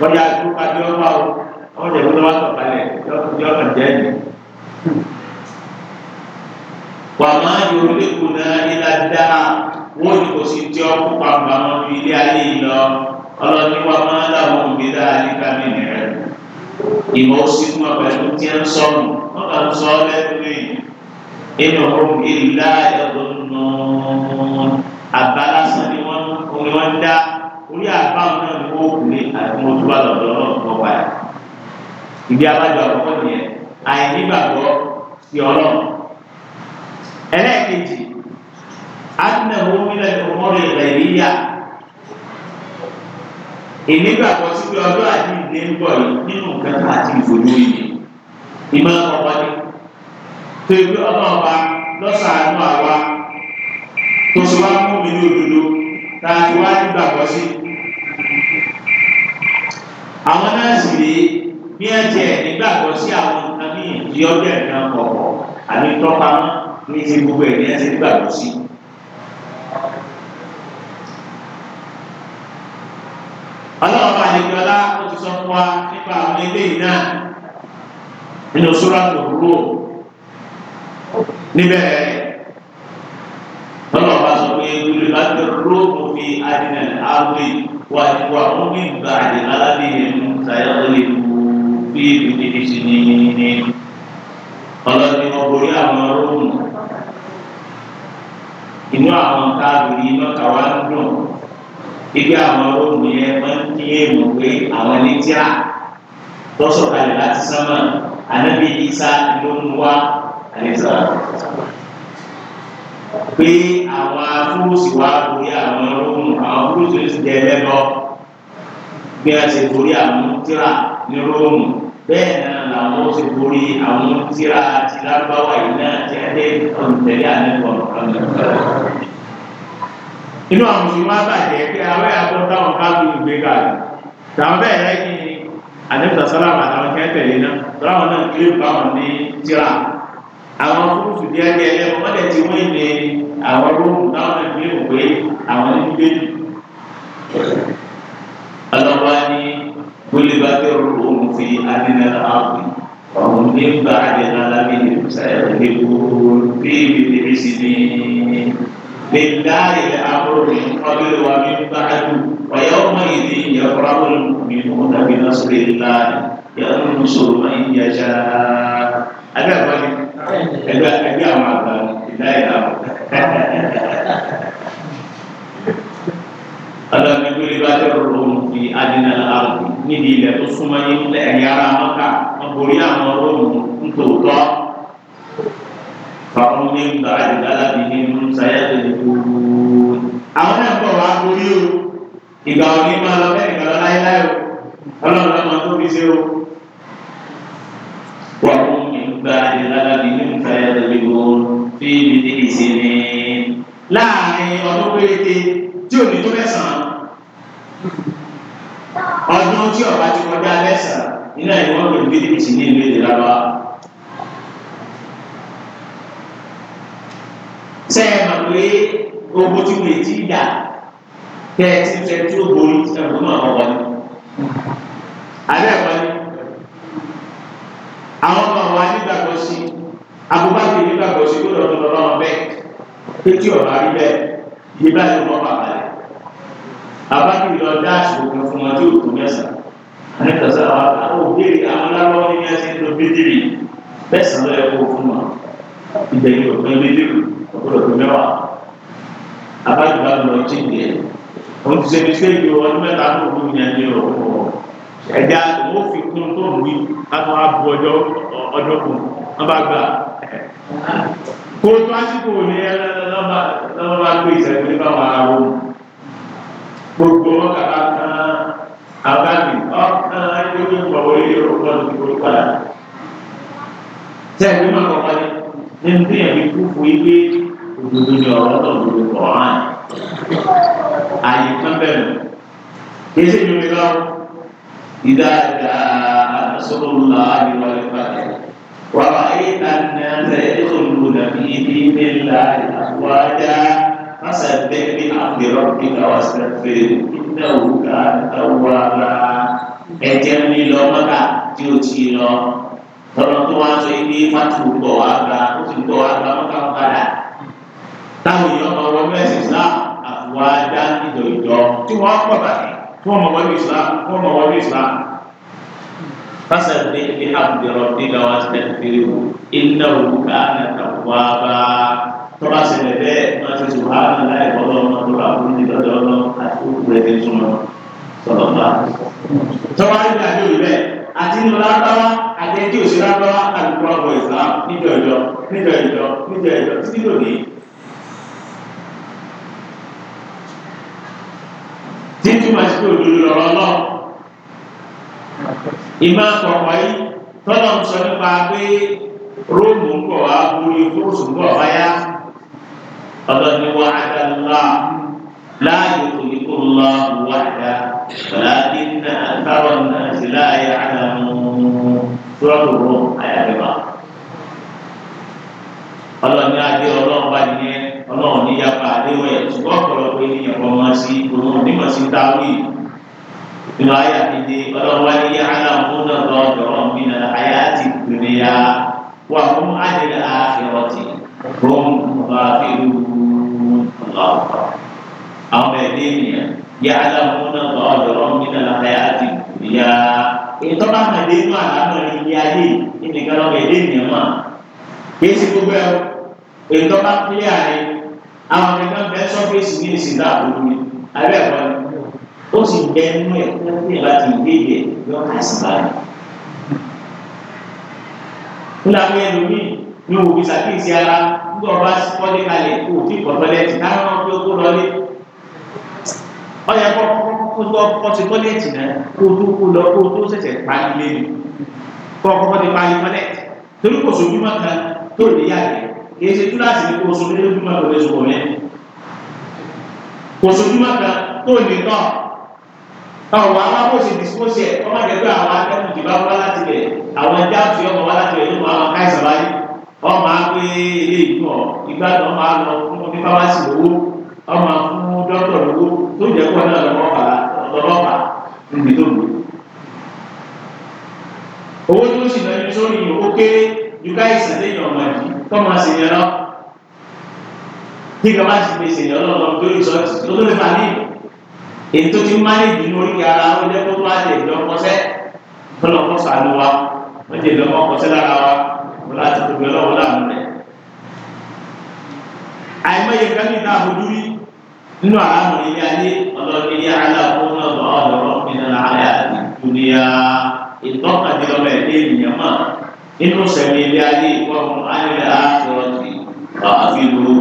wọ́n yà á dúró kájọ́ wà ó wọ́n jẹ́ kó wọ́n sọ̀kalẹ̀ yọ kàn jẹ́ yìí. wà á máa yọ orílẹ̀-èdè náà nílá dáa wọ́n ní kò sí tí ó kú pàmò àwọn ilé ayé yìí lọ ọlọ́ni wa máa láwọn òbí dáa ní kábìnì rẹ̀ ìmọ̀ òsì fún ọ̀pẹ̀lú tí ń sọ̀rọ̀ wọ́n kàn ń sọ ọ́ lẹ́nu lẹ́yìn inú ọ̀hún ìlà ẹ̀dọ̀ nùún àbálásán ni wọ́n ń dá orí àbáwọn náà ni wọ́n kù ní àdúgbò tó bá lọ́dọ̀ ọ̀pọ̀ wáyà ìdí abájọ àkọ́kọ́ nìyẹn àìnígbàgbọ́ sí ọlọ́run ẹlẹ́ẹ̀kejì adúnáwó mílẹ̀ ọmọrẹ̀ nàìjíríà ìnígbàgbọ́ sí pé ọjọ́ àdínlé ń bọ̀ yìí nínú nǹkan tó àti ìfojú yìí ìmọ̀ ọ̀pọ̀ ni tó ìgbé ọmọ ọba lọ́sàánú àwa tó sì wá mú mi ní òdodo tá a ti wá nígbàgbọ́ sí àwọn náà sì rèé bí ẹ jẹ nígbàgbọ́ sí àwọn nǹkan ní ìdí ọjọ́ ẹ̀ka ọ̀pọ̀ àbí tọ́pamọ́ ní ti gbogbo ẹ̀ ní ẹ ti nígbàgbọ́ sí. ọlọ́run àlejòọlá ó ti sọ fún wa nípa àwọn eléyìí náà nínú sọ́ra tó rúró níbẹ̀ tọ́lọ̀ bá sọ pé wíwí bá ti rúró òfin adìmẹ̀ àwìn wà ní wà ó alábìyẹn ń tayọ́ lé mu bí ìdíjì ní ní ọlọ́ni wọn borí àwọn róòmù inú àwọn káàbìrì lọ́kà wá ń dùn ibi àwọn róòmù yẹn máa ń ní èrò pé àwọn ní tíra lọ́sọ̀kalẹ̀ láti sánmà ànábì Ìsá ló ń wá àlẹ́sà pé àwọn afúrúsì wá borí àwọn róòmù àwọn afúrúsì ló ti dẹ ẹlẹ́bọ bí a ṣe borí àwọn tíra ní róòmù bẹ́ẹ̀ náà làwọn ti borí àwọn tíra àti lágbáwá yìí náà ti ẹdẹ ọ̀nùtẹ̀lẹ́ àlẹ́kọ̀ọ́ ọ̀nùtẹ̀lẹ́. inú àwọn mùsùlùmí wá bàjẹ́ pé àwọn àgbọ̀ táwọn káàkiri ìgbé kàlù tàwọn bẹ́ẹ̀ rẹ́ kí àdébùtà sálámù àtàwọn kẹ́tẹ̀lé náà tọ́láwọn náà kiri báwọn ní tíra àwọn fúrúfú díẹ̀ díẹ̀ lẹ́nu wọ́n dẹ̀ ti wọ́n ìdè àwọn róòmù táwọn náà kiri òwe àwọn fi adinal ardi wa hum min ba'dina labin sayadhibun fi bidisini billahi al-amru min qabl wa min ba'd wa yawma idin yaqra'ul mu'minun bi nasrillah ya rusul ma ada ada ada amal billahi di adina al níbi ilẹ̀ tó súnmọ́ ní ilẹ̀ ẹ̀yà ara mọ́ta wọ́n borí àwọn róòmù nítòótọ́ fàwọn ní ìgbà àdìgbàlà bíi ní musaya tó ní kúrú. àwọn náà kọ̀ wá borí o ìgbà òní máa lọ bẹ́ẹ̀ ìgbà lọ láéláé o ọlọ́run lọ́mọ tó fi ṣe o. wọ́n ní ìgbà àdìgbàlà ní musaya tó fi ibi ní ìsinmi láàrin ọdún péréte tí o ní tó ọdún tí ọba ti kọjá mẹ́sàn-án nínú ìwọ́n lò ní bíbí ní ìlú èdè lábá. sẹ́ ẹ mọ̀ pé ogun tí mo ti dà kẹ́ ẹ ti fẹ́ tí ó borí ẹ̀kọ́ náà wọ́n wọlé. àbẹ́ ẹ̀ wọlé. àwọn ọmọ wa nígbàgbọ́ sí abúgbàgbé nígbàgbọ́ sí gbọ́dọ̀ tó lọ́wọ́ bẹ́ẹ̀ pé tí ọba rí bẹ́ẹ̀ ìgbà tó wọ́n bàbá rẹ̀ abájú lọ dáàsì ogun fún wọn tí òkú mẹ́sàn án anítọ́sí àwọn àwọn òbéèrè àwọn aláwọ̀ ní bí wọ́n ti ń lo bídìrì mẹ́sàn án ló yẹ kó fún wọn ìgbẹ̀yìn òpin bídìrì ọ̀pọ̀lọpọ̀ mẹ́wàá abájú bá lọ jí ń yẹ òun ti ṣe ní sẹ́yìn o ọdún mẹ́ta ló ń yẹn ní ọ̀pọ̀ ẹ̀dá òun fi kún tó ń wí àwọn abo ọjọ́ ọdún kù wọ́n bá gbà kó tó àsìkò ní ẹ gbogbo wọn kàkà kan abáàmì ọkàn ayélujára ìgbàwọ ilé ọgbà òdìbò padà sẹ́yìn mímọ́ kọ̀ọ̀kan ní ní ní ẹ̀mí kúkú ilé òdodo ni ọ̀rọ̀ náà ló lọ ọ̀hán àyè kan bẹ̀rẹ̀ kìí ṣe mímí lọ ìdá ìdá àtàsọ́kọ̀ọ́lá àyẹ̀wò àyẹ̀wò وَرَأَيْتَ النَّاسَ يَدْخُلُونَ فِي دِينِ اللَّهِ أَفْوَاجًا فسبح بحمد ربك واستغفره إنه كان توابا ẹjẹ mi lọ mọta tí o ti lọ tọrọ tó wá sọ ibi fatu gbọ wá gba o ti gbọ wá gba mọta wọn padà táwọn èèyàn ọwọ mẹsì sá àfùwà dá ìjọ ìjọ tí wọn pọ bàtà tí wọn mọ wọn bí islam tí wọn mọ wọn bí islam. فسبح بحمد ربك واستغفره إنه كان توابا tọ́ba ṣẹlẹ̀ bẹ́ẹ̀ máa ṣe ṣùgbọ́n àwọn aláì bọ́lọ́ ọmọ tó bá fún mi lọ́dọ̀ ọlọ́ àti òkú rẹ̀ ti túmọ̀ sọ̀rọ̀ bá. tọ́ba yóò dàbí òyìn bẹ́ẹ̀ àti nínú lábáwá àti ẹjẹ́ òṣè lábáwá àdúgbò ọgbọ Islam níjọ ìjọ níjọ ìjọ níjọ ìjọ títí lónìí. títí máa ṣe pé òdodo lọ́rọ̀ náà ìmọ̀ àkọ́kọ́ yìí tọ́lọ̀ ń sọ nípa pé róòmù ń kọ̀ wá borí fúrúùsù ń kọ̀ wáyá ọlọ́ni wà á lọ láàyò kò ní kó lọ wà á láti ní àtàwọn náà sí láàyè àdàmú tọ́lọ́rù àyàgbẹ́bà. ọlọ́ni adé ọlọ́run bá nìyẹn ọlọ́run níyàpá adéwọ̀ ẹ̀ ṣùgbọ́n ọ̀pọ̀lọpọ̀ ènìyàn kọ́ máa sí òun onímọ̀ sí táwí. nínú ayé àtijọ́ ọlọ́run wáyé yá àdàmú náà lọ́dọ̀ọ́ mi nà ayé àti ìdùnnìyà wà fún àdéhà àfẹ́rọ̀tì. هم غافلون الله أو الذين يعلمون ظاهرا من الحياة الدنيا ètò bá ma dé inú àlámọ ilé ayé ìnìkan lọ́wọ́ èdè ènìyàn mọ̀ kìí ṣe gbogbo ẹ̀ ètò bá kílẹ̀ ààrẹ àwọn ẹ̀gbọ́n bẹ́ẹ̀ sọ́fíìsì ní ìsìn náà ló ní abẹ́ ẹ̀kọ́ ni ó sì bẹ nínú ẹ̀ fún ẹ̀ láti ìbéèrè yọ káàsì báyìí. ńlá mi ẹlòmíì ní òbí sàkíyèsí ara tó ọba kọ́lé kalẹ̀ kó o ti kọ̀ọ̀tọ̀ lẹ́tì káwọn ọmọ tó kó lọlé ọyẹ kọ́ kó kọ́ ti tọ́lẹ̀tì náà kó o tó kó lọ kó o tó ṣẹ̀ṣẹ̀ parí lé mi kọ́ kọ́kọ́ ti parí tọ́lẹ̀tì torí kò sóbi mọ́ kan tó lè yá rẹ̀ kì í ṣe túláàsì ní kò sóbi lójú mọ́ kò lè sọ wọ́n mẹ́rin kò sóbi mọ́ kan tó lè tọ́ ọ̀rọ̀ alákòóso ìdísíkòsí ẹ̀ ọmọ ìgbẹ́gbẹ́ àwọn akẹ́kọ̀ọ́ ìdìbò àwọn aláàtìlẹ̀ àwọn ẹja àti ọmọ aláàtìlẹ̀ nínú ọmọ agbé ilé ìlú ọ ìgbà tó ọmọ alọ fún onífáwásì owó ọmọ fún dókítà owó tó jẹ kó náà lọ́wọ́ bá lọ́wọ́ bá níbi tó lò. owó tó sì lọ́yìn sórí owó kéré ju káyì sàdéyìn ọmọ yìí kọ́ máa ṣe yẹn lọ. bí kàmá sì fi ṣèyàn lọ́wọ́ tó yìí sọ́ọ̀tì tó lè fà ní èyí tó ti máa ń dì ní orí ara ó jẹ́ kó tó á lè lọ́kọ́sẹ́ kó lọ́kọ́sẹ́ láti tóbi ọlọ́wọ́ láàmú rẹ̀ àìmọye kẹ́mi náà fojú rí nínú àlámù ilé ayé ọlọ́ọ̀dún ilé aláwọ̀ náà lọ́wọ́ ọ̀rọ̀ ìnira ayé àti ìdúnìyà ìtọ́kadìlọ́mọ ẹ̀dẹ́ ènìyàn mọ̀ nínú sẹ̀mí ilé ayé ìkọ́run ayẹyẹ àtọ̀rọ̀tì ọ̀hún ìlú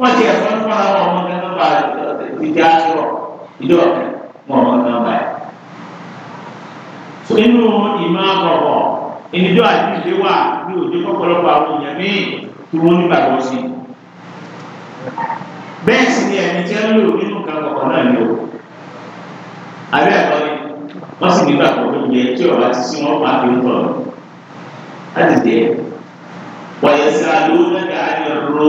wọ́n ti ẹ̀fọ́ nípa àwọn ọmọ kẹ́kọ̀ọ́ bá ti di àtọ̀rọ̀ ìjọ mọ̀ ọ̀rọ̀ náà báyìí. nínú ìmọ̀ àkọ́kọ́ ìníjọ àdìgbé wà ní òjò pọ̀pọ̀lọpọ̀ àwọn èèyàn míì tí wọ́n nígbàgbọ́ sí bẹ́ẹ̀ sì ni ẹni tí ń lò nínú nǹkan kọ̀ọ̀kan náà ni o abẹ́ ẹ̀kọ́ ni wọ́n sì nígbàgbọ́ tó yẹ tí ọ̀rọ̀ àti sí wọn máa fi ń tọ̀ láti dé wọ̀nyẹ sí àlọ́ lẹ́gà ayọ̀ ró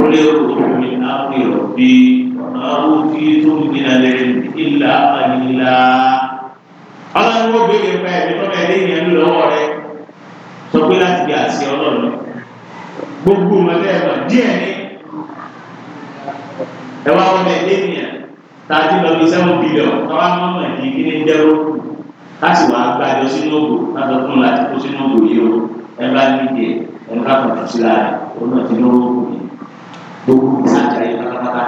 olè òkùnrin àwọn èrò bíi ọ̀nà àwọn òfin tó ń gbin ọlọ́run wọ́n gbé nípa ẹ̀mí tọ́ka ẹ̀dẹ́ ìyẹn ló lọ́wọ́ rẹ sọ pé láti bí àti ọlọ́run gbogbo mọ̀lẹ́ ẹ̀rọ díẹ̀ ní ẹwà ọmọ ẹ̀dẹ́ ìyẹn tààtí lọ bí sẹ́wọ̀n bílíọ̀n káwá mọ́mọ́ ẹ̀dí kí ní dẹ́rọ láti wàá gba ẹjọ́ sínú ògbò látọ̀ fún láti kó sínú ògbò yìí o ẹ bá ní ìdíyẹ ẹ bá kọ̀ sí láàrin òun náà ti lọ́wọ́ ògbò yìí gbogbo ìsájà yìí pátápátá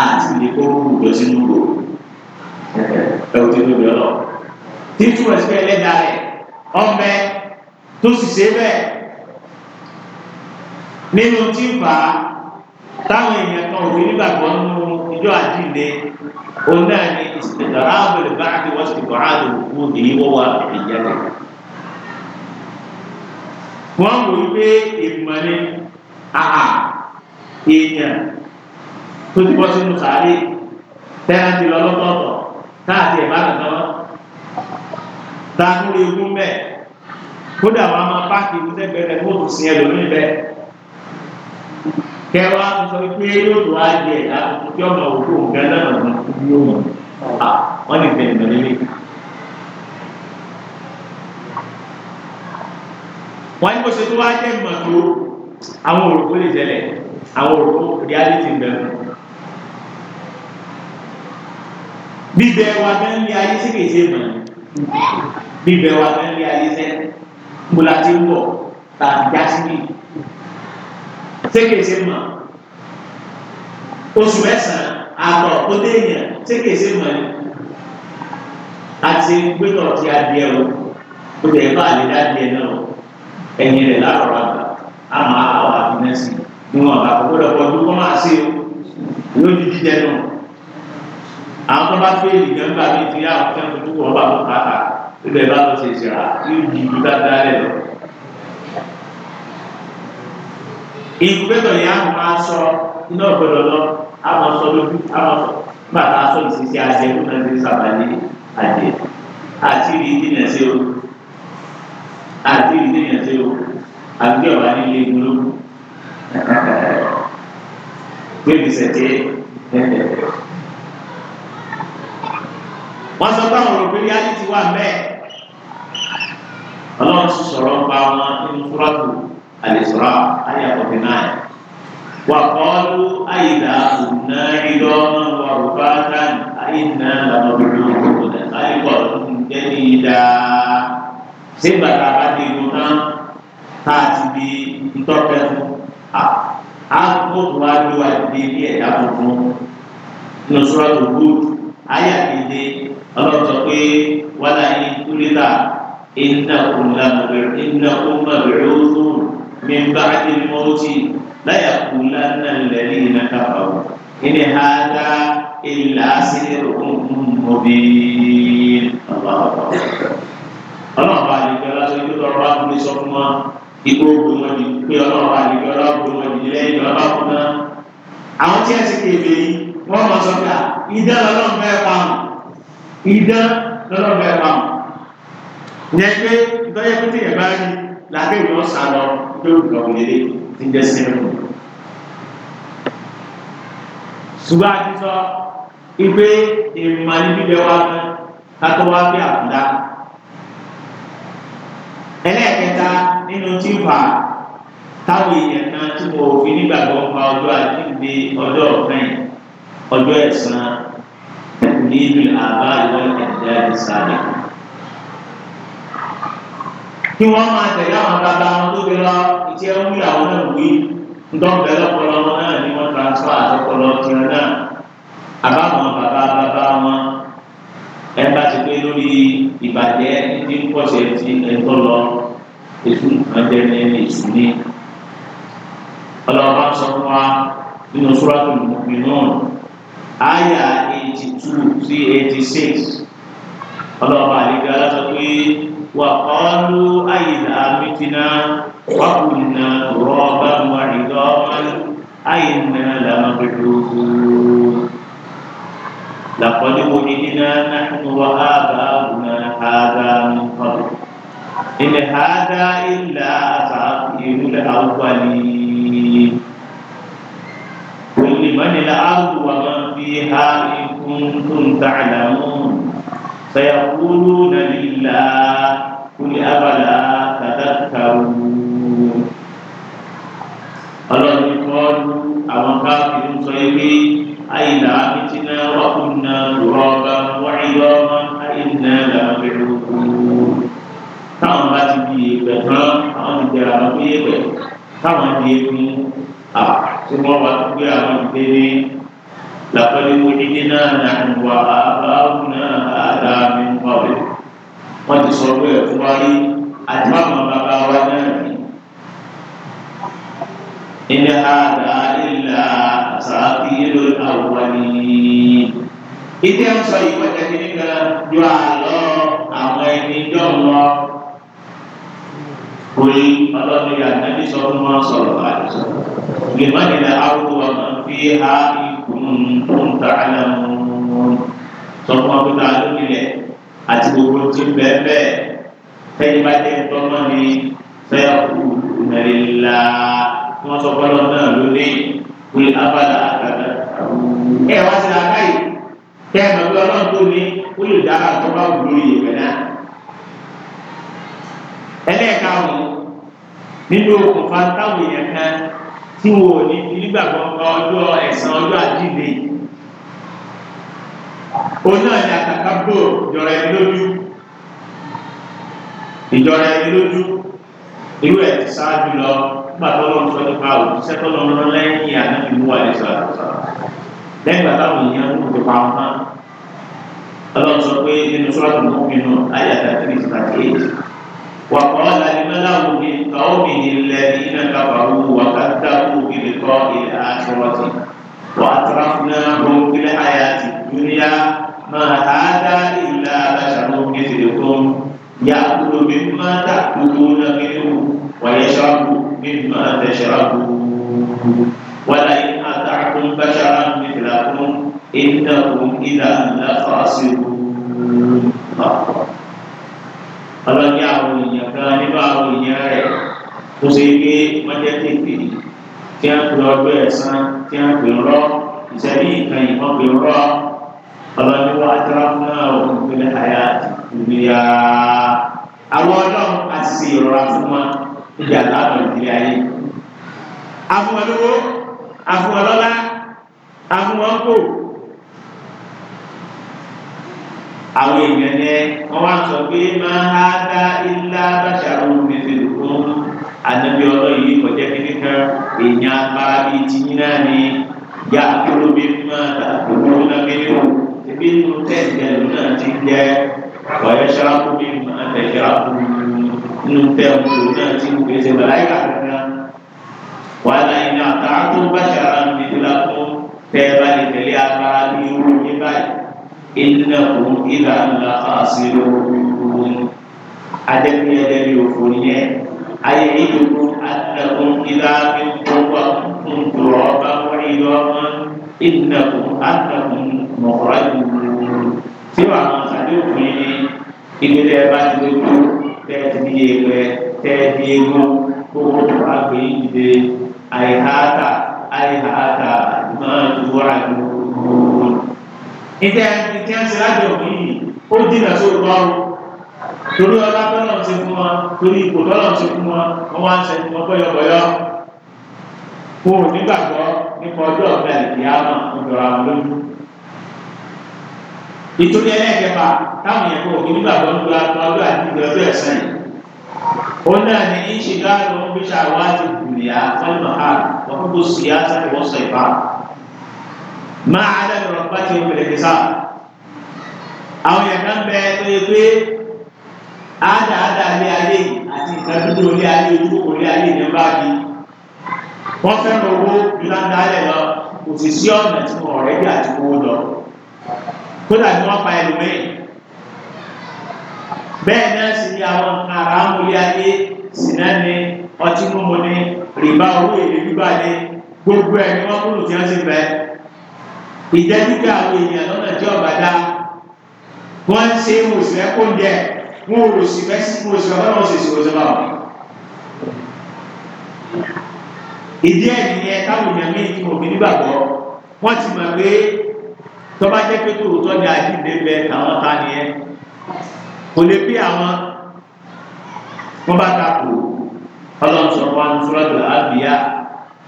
àti ilé kó ògbò sínú ògbò ẹ ò ti lóbi ọlọ́run títú ẹ̀sìn ẹlẹ́dàá rẹ̀ ọbẹ̀ tó sì ṣe bẹ́ẹ̀ nínú tí ń fà á táwọn èèyàn kan òfin nígbàgbọ́ nínú ìjọ àdìlẹ̀ òun náà ni ìsìtẹ̀dọ̀rọ̀ àbẹ̀lẹ̀ bá àti wọ́n sì kọ̀ọ̀rọ̀ àdùn fún èyí wọ́n wà ìjẹ́lẹ̀. wọ́n wò ó pé ìmọ̀ ni àhà èèyàn tó ti bọ́ sínú sàárè tẹ́lá ti lọ lọ́tọ̀ọ̀tọ̀ káàkiri ìbáraẹ̀tọ̀ ta lórí ogún bẹ́ẹ̀ kódà wọn a máa páàkì ìgbésẹ̀ bẹ̀rẹ̀ kó tó sin ẹlòmíì bẹ́ẹ̀ kẹwàá ti sọ pé yóò tó wá jẹ àtúntò tí ọmọ òkú nǹkan náà lọ sí ibi òun wọn lè bẹ̀rẹ̀ lọ́lẹ́ lé. wọ́n ní bó ṣe tó wá jẹ́ mọ̀tò àwọn òrùkú lè tẹ̀lẹ̀ àwọn òrùkú reality bẹ̀rẹ̀. bíbẹ̀ wa bẹ́ẹ̀ ní ayé sí kèé ṣe bíbẹ̀ wà lẹ́lẹ́ ayé sẹ́ mo la ti ń bọ̀ tàbí jásímì sékèsé mọ̀ oṣù mẹ́sàn-án àtọ̀ tó déèyàn sékèsé mọ̀ ni àti gbẹ́tọ̀ ti adìẹ o ó lè bá àlejò adìẹ náà o ẹ̀yìn rẹ̀ lárọ̀ àgbà àmọ́ àwọn àfinẹ́sì ni wọn bá gbọ́dọ̀ pọ̀ ju kọ́ máa ṣe o lójú jíjẹ náà àwọn tó bá fẹ́ ìgbẹ́ gbà mí ti yá àwọn tẹ́lifù púpọ̀ ọba tó kàkà níbẹ̀ bá lọ ṣe ìṣẹ̀ra yóò di ibi bá dálẹ̀ lọ. ìgbẹ́tọ̀ yẹn àwọn máa sọ iná ọ̀gbọ́dọ̀ lọ àwọn sọ lójú àwọn sọ bàtà sọ ìṣiṣẹ́ àjẹ tó náà ti sàbàlẹ̀ àjẹ àti ìdí ìdíyàn sí o àti ìdí ìdíyàn sí o àbí ọ̀wá nílé ìgbólógún pé ìṣẹ̀jẹ̀ wọ́n sọ pé àwọn òròpé reality wà bẹ́ẹ̀ ọlọ́run sì sọ̀rọ̀ ń pa ọmọ nínú fúrọ́tù àlèsọ́rọ́ ayàkọ̀tì náà wà kọ́ọ́lù àyìnlá ònà ìdọ́nà wà rúbá dání àyìnlá làmọ́bìnrin òkùnkùn àyìnbọ̀ ńdẹ́ni ìdá sígbà tá a bá dé inú náà tá a ti di ntọ́pẹ́ fún a á tó tó ẹ̀dá tuntun nínú sọ́rọ́ tó gbòòdù ayàkéde ọlọ́run sọ pé wàlá ìkúlítà ìnákùn lábẹ̀rẹ̀ ìnákùn bàbẹ̀rẹ̀ ọdún mímbà ìmọ̀ọ́tì láyà kú lánàá lẹ́yìn ìnákàfà wọn. ìní hàdá ìlà sírò mọ̀bí ọlọ́run bá àdìgbẹ́ lásán ikú tọrọ bá kúlé sọ fún wọn ikú ogun wọn di pé ọlọ́run bá àdìgbẹ́ lọ́gbọ̀n wọn di lẹ́yìn lọ́ba fún náà. àwọn tí a ti kéde yìí wọ́n mọ̀ sọ́kà ìdá ìdán lọ́dọ̀ bẹ́ẹ̀ pa mọ́ ní ẹgbẹ́ ìtọ́jú pé téèyàn bá rí làbẹ́ ìwọ̀n sá lọ pé òkùnkùn lélẹ̀ ti jẹ́ sẹ́nu. ṣùgbọ́n a ti sọ ìgbé ìmọ̀ ní bíbẹ wa kátó wá bí àbúdá ẹlẹ́ẹ̀kẹta nínú tí ń fà táwọn èèyàn kan tí mo fi nígbàgbọ́ pa ọjọ́ àjíǹde ọjọ́ ọ̀kan ọjọ́ ẹ̀san تقليد الآباء والأجداد السابقة kí wọ́n máa tẹ̀lé àwọn bàbá wọn tó fi lọ ìtí ẹ̀ ń wí àwọn náà wí ńdọ́gbẹ́ lọ́pọ̀lọ́ wọn náà ni wọ́n transfer àtọ́pọ̀lọ́ tiwọn náà àbáwọn bàbá bàbá wọn ẹ bá ti pé lórí ìbàjẹ́ ní pọ̀ṣẹ̀ ti ẹ̀tọ́ lọ ètò nǹkan jẹ́ ní ẹni ìsúní. ọlọ́ọ̀bá sọ fún wa nínú sùràtù mùmínùn àyà eighty two three eighty six ọlọ́ọ̀bà àlejò aláṣọ pé wà kọ́ọ́lù àyìnlá mìtìnà wàkùnà rọ́ọ̀bà mọ̀rìndọ́mà àyìnlá làmàbẹ̀dọ́gbò. لقد وجدنا نحن وآباؤنا هذا من قبل إن هذا إلا أساطير الأولين قل لمن الأرض ومن فيها إن كنتم تعلمون سيقولون لله قل أفلا تذكرون ọlọ́run kọ́ àwọn káfíń sọ pé àyìnlá àbítínà wàkùnà rọ̀ọ̀bà wáyọ̀ ọmọ àyìnlá làbẹ̀rẹ̀ òkú. táwọn bá ti di ìgbẹ́ tán àwọn ti jẹ́ àwọn gbé ìgbẹ́ táwọn di ebi àti wọ́n wá gbé àwọn ìgbé ní. لقد وجدنا نحن وآباؤنا هذا من قبل wọ́n ti sọ pé ẹ̀fún wa rí àdìmọ́mọ́ bàbá wa náà rí ilé àdá ilà sàáfi yẹlò àwọ̀wání ìdí ẹ̀ ń sọ yìí wọ́n tẹ̀lé nìkan ju àlọ́ àwọn ẹni dán lọ orí ọlọ́run kuntum ta'lamun sọfún akóta alókìlẹ̀ àti gbogbo tí ń bẹ́ẹ̀ bẹ́ẹ̀ fẹ́yìn bá jẹ́ tọ́mọ ni fẹ́ẹ́ kú nàlélá wọ́n sọ fọlọ́ náà lónìí kúlì abala àgàdà ẹ wá sí akáyì kẹ́ ẹ̀ mọ̀ bí ọlọ́run tó ní kúlì dára tó bá wù lórí ìyẹ̀fẹ̀ náà ẹlẹ́ẹ̀ka ọ̀hún nínú okùnfà táwọn èèyàn kan tí wọn ò ní nígbàgbọ́ ọjọ́ ẹ̀san ọjọ́ àjíǹde òun ni àtàkà bò ìjọra ẹni lójú ìjọra ẹni lójú irú ẹ̀ ti ṣáájú lọ nígbà tó lọ́n sọ nípa òṣìṣẹ́ tó lọ́n rán lẹ́yìn ànábì mú wàlẹ̀ sọ̀rọ̀ sọ̀rọ̀ lẹ́yìn bàbá mi yẹn ń fi pa wọn ọlọ́run sọ pé nínú sọ́ọ̀tù mọ́kùnrin náà ayé àtàkì ní ìsìnkà kéèjì. وقال الملأ من قومه الذين كفروا وكذبوا بلقاء الآخرة وأترفناهم في الحياة الدنيا ما هذا إلا بشر مثلكم يأكل مما تأكلون منه ويشرب مما تشربون ولئن أتعتم بشرا مثلكم إنكم إذا لخاسرون ọlọ́jà àwọn èèyàn kan nínú àwọn èèyàn rẹ̀ kó ṣe gbé mọ́jẹ́ tètè kí á pè ọdún ẹ̀sán kí á pè rọ́ ìṣẹ́lẹ̀ ìkan ìmọ̀ pè rọ́ ọlọ́jà wa atarafu náà òkú pẹ̀lú àyà ìgbìyà àwọn ọlọ́run àti ṣe ìrora fún wa níbi àlàáfíà ìdílé ayé afúnwọlówó afúnwọlọ́lá afúnwọ́nkò. àwọn èèyàn yẹn wọ́n wá sọ pé máa ha dá ilá bàṣàrò mẹ́fẹ́ fún ànábì ọlọ́run yìí kọjá kíní kan èèyàn agbára bíi ti yín náà ni yá kúrò bí máa dà gbogbo náà bí yóò ebi nínú tẹ́sí ẹ̀rọ náà ti jẹ́ wọ́yẹ ṣáàpù bí máa tẹ̀ ṣáàpù nínú tẹ́sí ẹ̀rọ náà ti gbèsè bàláyà kankan wàhálà yìí náà tààtò bàṣàrò. ìnáwó ìlà ńlá fàásì lóhùn adẹ́ni ẹlẹ́ni òfò yẹn ayé ìdòkó adẹ́kùn ila ìkọ̀wá ńdọ̀rọ̀ bá wọ́n ìlú ọmọ ìnáwó adẹ́kùn mọ̀kọ́rọ́ ìlú tí wàá mọ̀ sáré òfò yẹn ìgbélé ẹ bá ti lè kú tẹ́ẹ̀tì ní ewé tẹ́ẹ̀tì ewu kókó tó wá gbé ìdè àìháàtà àìháàtà máa ń wá ìlú. ìtẹ́ẹ̀tì tí wọ́n ti lájọ òní yìí ó dìnà sórí báwo torí ọlá tọ́lọ̀ ti fún wa torí ipò tọ́lọ̀ ti fún wa wọ́n wá ń sẹ́ni wọn bọ́yọ̀bọ́yọ̀ kó o nígbàgbọ́ nípa ọjọ́ ọ̀gá ìyáàmà ọ̀dọ̀rọ̀ àwọn lójú. ìtúndì ẹlẹ́kẹ̀fà táwọn yẹn kó o nígbàgbọ́ nípa ọjọ́ àti ìgbẹ́jọ́ ẹ̀sẹ̀ yìí. ó náà ní ìṣèjọ́ àlọ́ bí ṣàwọ́ àti ìgbìyà fọ́lùmọ̀ ha wọ́n kó síyá sáré wọ́n sọ ìfà. máa àwọn yàrá kan bẹ tó yẹ pé ádáadá ilé ayé àti nǹkan dúdú ilé ayé ojú kò ilé ayé ìlú bá di wọ́n fẹ́ràn owó ìlànà alẹ́ lọ kò sì sí ọ̀nà tí wọ́n ọ̀rẹ́ bí àti owó lọ kódà ni wọ́n pa ẹlòmíì bẹ́ẹ̀ náà sì ni àwọn ará ń wọlé ayé sì náà ni ọtí mímu ni rìbá owó èlé gbígbà ni gbogbo ẹ̀ ni wọ́n kúrò tí wọ́n ti bẹ̀ ìjẹ́ àwọn èèyàn lọ́nà tí ọ̀gá dáa wọ́n ń ṣe wọn òsì mẹ́kọ́ ń jẹ wọn ò sì fẹ́ sí wọn òsì ọ̀dọ́ wọn sì sì wọ́n sọ́ba wọn. ìdí ẹ̀ nìyẹn táwọn èèyàn mí ti mọ̀ mí nígbàgbọ́ wọ́n ti mọ̀ pé tọ́ba jẹ́ pé tòótọ́ ni àdìdé bẹ àwọn ta nìyẹn kò lè pé àwọn wọ́n bá ta kù ọlọ́run sọ̀rọ̀ wa ní sọ́lọ́dọ̀ àbíyá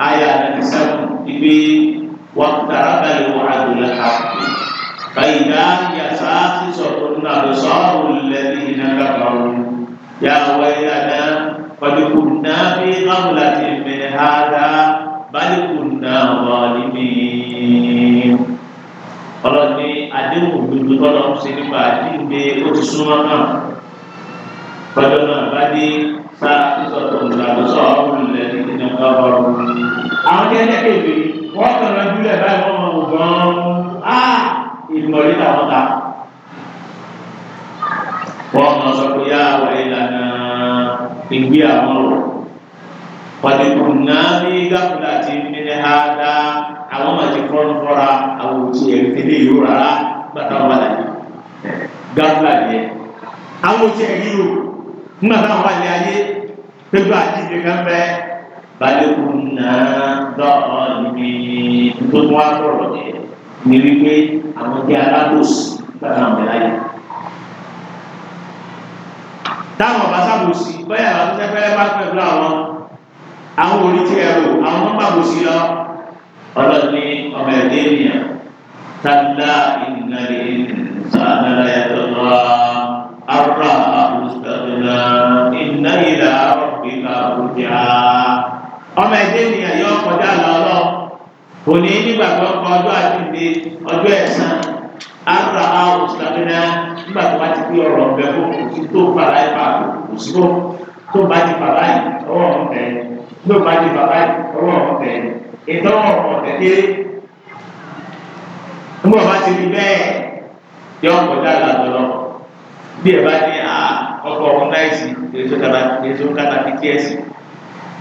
ayé àdàkísàkù ìgbé wàkútà rábàlì wàhálà فإذا يساسسة الأبصار الذين كفروا يا ويلنا قد كنا في غفلة من هذا بل كنا ظالمين ọlọ́ni àdéhùn gbogbo tọ́lọ́ ń ṣe nípa àdínde ó ti súnmọ́ náà tọ́jọ́ náà bá dé sá sísọ̀tò ìgbàlósọ̀ ọ̀hún ilẹ̀ nínú ẹ̀ka ọ̀rọ̀. àwọn kẹ́kẹ́ kébè wọ́n kàn án jùlẹ̀ báyìí wọ́n mọ̀ ọ́ ìmọ̀ rí làwọn ta. wọ́n mọ sọ pé yá àwọn ìlànà ìgbé àwọn rọ̀ pàtẹ́kù náà ní gáfúlà tí nílẹ̀ ha dá àwọn màtí fọ́nù fọ́ra àwọn òtí ẹ̀rí tẹ́lẹ̀ yóò rárá gbàtà wọn bàlẹ̀ gáfúlà yẹn àwọn òtí ẹ̀rí yóò nígbà táwọn bá lé ayé pẹ̀lú àdìgbè kan bẹ́ẹ̀ balẹ̀ kù náà dọ́ọ̀ ní tó tún wá bọ̀rọ̀ ní wípé àwọn jẹ́ alábòsí gbàgbà àwọn ẹ̀láyà. táwọn bá sábòsí bóyá àwọn tó sẹ́fẹ́ bá pẹ̀lú àwọn àwọn orí tí ẹ rò àwọn bá bòsí lọ ọlọ́run ní ọmọ ẹ̀dẹ́ ènìyàn tàbílá ìdílé sàdára ẹ̀dọ́ lọ àrùrà àbùsùtàbílá ìnáyìlá àrùbíkà àbùjá ọmọ ẹ̀dẹ́ ènìyàn yọ kọjá lọ òní nígbàgbọ́ pa ọjọ́ àdìdì ọjọ́ ẹ̀sán ara àwọn ìsàmìnà nígbà tó bá ti pé ọ̀rọ̀ ọ̀bẹ fún òkú tó bàrà ẹ̀ bá kò sí bó tó bá ti bàrà ẹ̀ ọwọ́ ọ̀bẹ tó bá ti bàrà ẹ̀ ọwọ́ ọ̀bẹ ìtọ́wọ̀ ọ̀bẹ kéré nígbà bá ti rí bẹ́ẹ̀ yọ ọ̀pọ̀jọ́ àgbàdọ̀lọ́ bí ẹ bá ní ọkọ̀ ọ̀hún láìsí èso kàtàkì tí ẹ sì.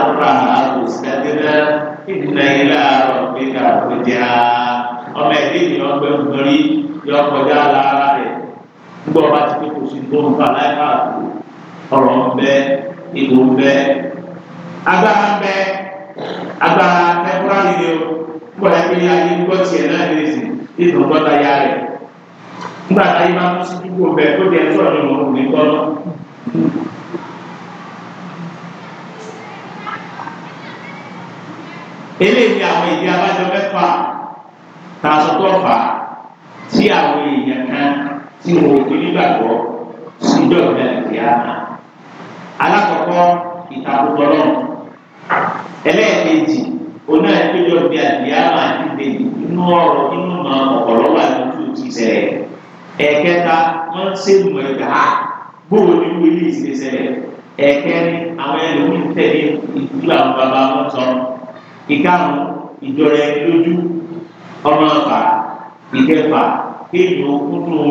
أربعة مستدرة إن إلى ربك الرجعى ọmọ ẹbí ni wọn gbé nítorí yọ kọjá lára rẹ gbogbo ọba ti kókò sí tó ń fa láìpẹ́ àtò ọ̀rọ̀ ń bẹ ìbò ń bẹ agbára ń bẹ agbára ẹkúrá nìyẹn o gbogbo ẹgbẹ́ yá ní gbọ́ tiẹ̀ náà lè sìn tó jẹ tó ọ̀nà òun ní gbọ́dọ̀. eléyìí àwọn ìdí abájọ mẹ́fà tá a sọ tó fà á tí àwọn èèyàn kan tí wọn ò tó nígbàgbọ́ síjọ́ ìdàgbé àná. alákọ̀ọ́kọ́ ìtàkùtọ̀ náà ẹlẹ́ẹ̀kejì oná ìpéjọ bíi àdìyàmà àti bèbí inú ọ̀rọ̀ inú mọ ọ̀pọ̀lọpọ̀ àti ojú ti ṣẹlẹ̀ ẹ̀kẹta wọ́n ń ṣe mọ̀ ẹ̀dá gbòòrò ní wíwí ìṣẹ̀ṣẹ̀lẹ̀ ẹ̀kẹrin àwọn ẹlòmíín tẹ̀lé ìdúrà àwọn bàbá wọn sọ ìkarùn ìjọra ẹni lójú ọmọ ọfà ìkẹfà kéèyàn kúndùn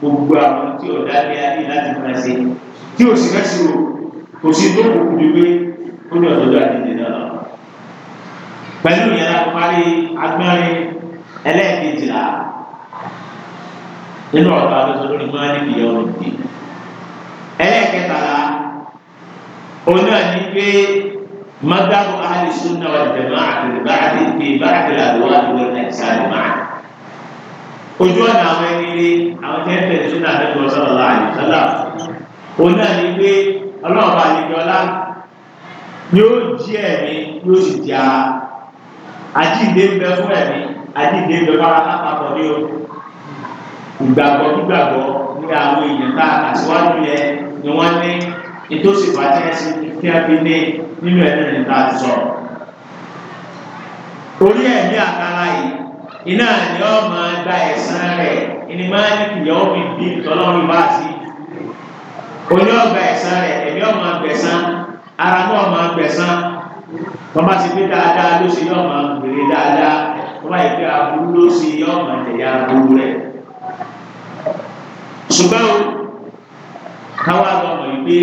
gbogbo àwọn tí ọ̀dà ní adé láti máa ṣe tí o sì fẹ́sì o kò sí tó kù kúbi pé ó ní ọ̀dọ́dọ́ àdìdì náà lọ. pẹ̀lú ìyẹn la parí agbárin ẹlẹ́ẹ̀kejìlá nínú ọ̀dọ́ àtọ́sọ lórí máa ní ìyá ọ̀rọ̀ ìdí ẹlẹ́ẹ̀kẹtàlá onáà ní pé. مذهب أهل السنة والجماعة في بعد في بعد الأدوات والأجساد معا ojuana àwọn ẹni rí àwọn tẹ́ ń tẹ̀lé sínú àdéhùn ọ̀sọ́lọ́lá àyùsọ́lá òun náà ní pé ọlọ́ọ̀bá àlejòọlá yóò jí ẹ̀mí yóò sì jí ara àjíǹde ń bẹ fún ẹ̀mí àjíǹde ń bẹ fara lápapọ̀ ní o ìgbàgbọ́ gbígbàgbọ́ ní àwọn èèyàn tá àṣewájú yẹn ni wọ́n ní ètò ìsìnkú àti ẹ̀sìn ní kí a fi dé nínú ẹni rìn tá a ti sọ̀rọ̀ torí ẹ̀mí àkàrà yìí iná ni ọ máa gba ẹ̀san rẹ̀ ìní máa ní kìyàwó mi bí ìtọ́lọ́run bá sí oní ọgbà ẹ̀san rẹ̀ ẹ̀mí ọ máa gbẹ̀san ara náà máa gbẹ̀san bàbá ti pé dáadáa ló ṣe yọ̀ọ́ máa gbèrè dáadáa bàbá yìí pé aburú ló ṣe yọ̀ọ́ máa tẹ̀yà aburú rẹ̀ ṣùgbọ́n káwá lọ́mọ yìí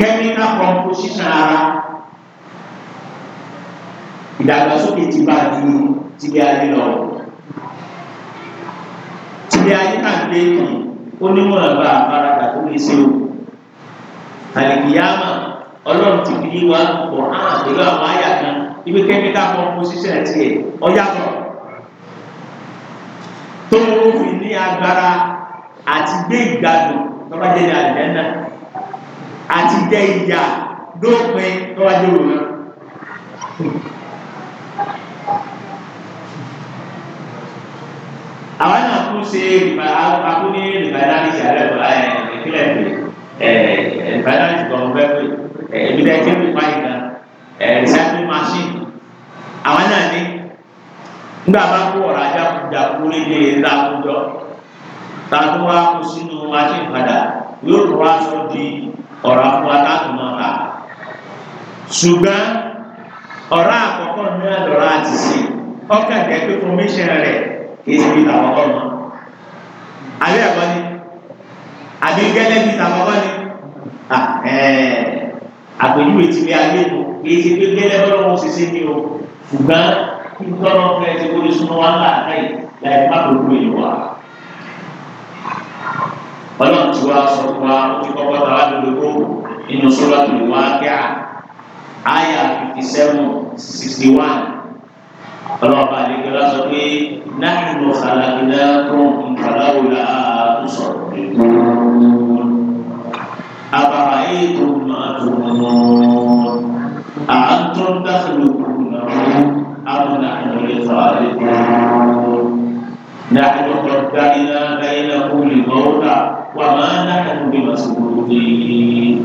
kẹ́míkà kọ̀m̀pósíṣàn ara ìdàgbàsókè ti bá ju tìlẹ̀ ayé lọ. tìlẹ̀ ayé náà gbé kàn ó níwọ̀n bá àbáradà tó lè ṣe o. àlìkìyàmà ọlọ́run ti fi wá pọ̀ náà pẹ̀lú àwọn àyà kan ibi kẹ́míkà kọ̀m̀pósíṣàn tiẹ̀ ọ̀yàtọ̀ tó ń fi ní agbára àti gbé ìgbádùn tọ́lájẹ́ ní àlìyàn náà àti jẹ ìyà dópin lọ́wájú òun náà. àwọn náà tún ṣe akúní rìbáyálásì ààrẹ bọ̀lá ìpínlẹ̀ pé rìbáyálásì kan fẹ́ pé ebi dẹ́ kí n pa ìgbà recycling machine àwọn náà ní nígbà bá kó ọ̀rọ̀ ajá kújà kú lédè ńlá kújọ tàbí wá kó sínú machine yóò tó wá sọ di ọ̀rọ̀ àwọn aláàtúmọ̀ ọ̀rá ṣùgbọ́n ọ̀rá àkọ́kọ́ náà lọ́rọ̀ àti sí ọkàn jẹ́ pé fọmíṣẹ́ rẹ̀ kì í ṣe bí tàwọn ọkọ̀ mọ́ àbí ẹ̀kọ́ ni àbí gẹ́lẹ́ bí tàwọn ọkọ̀ ni àpèjúwe ti fi ayé mu kì í ṣe pé gẹ́lẹ́ bọ́lọ́wọ́ ṣe ṣe ní o ṣùgbọ́n kí n tọ́rọ fẹ́ ti kó súnmọ́ wá láàárín láì má ọlọ́run ti wá sọ fún wa ó ti kọ́kọ́ tara fifty seven sixty one nahnu khalaqnakum falawla tusabbihuun afara'aytum ma tumnun a'antum takhluqunahu am nahnul khaliqun nahnu qaddarna bainakum al وما نحن بمسؤولين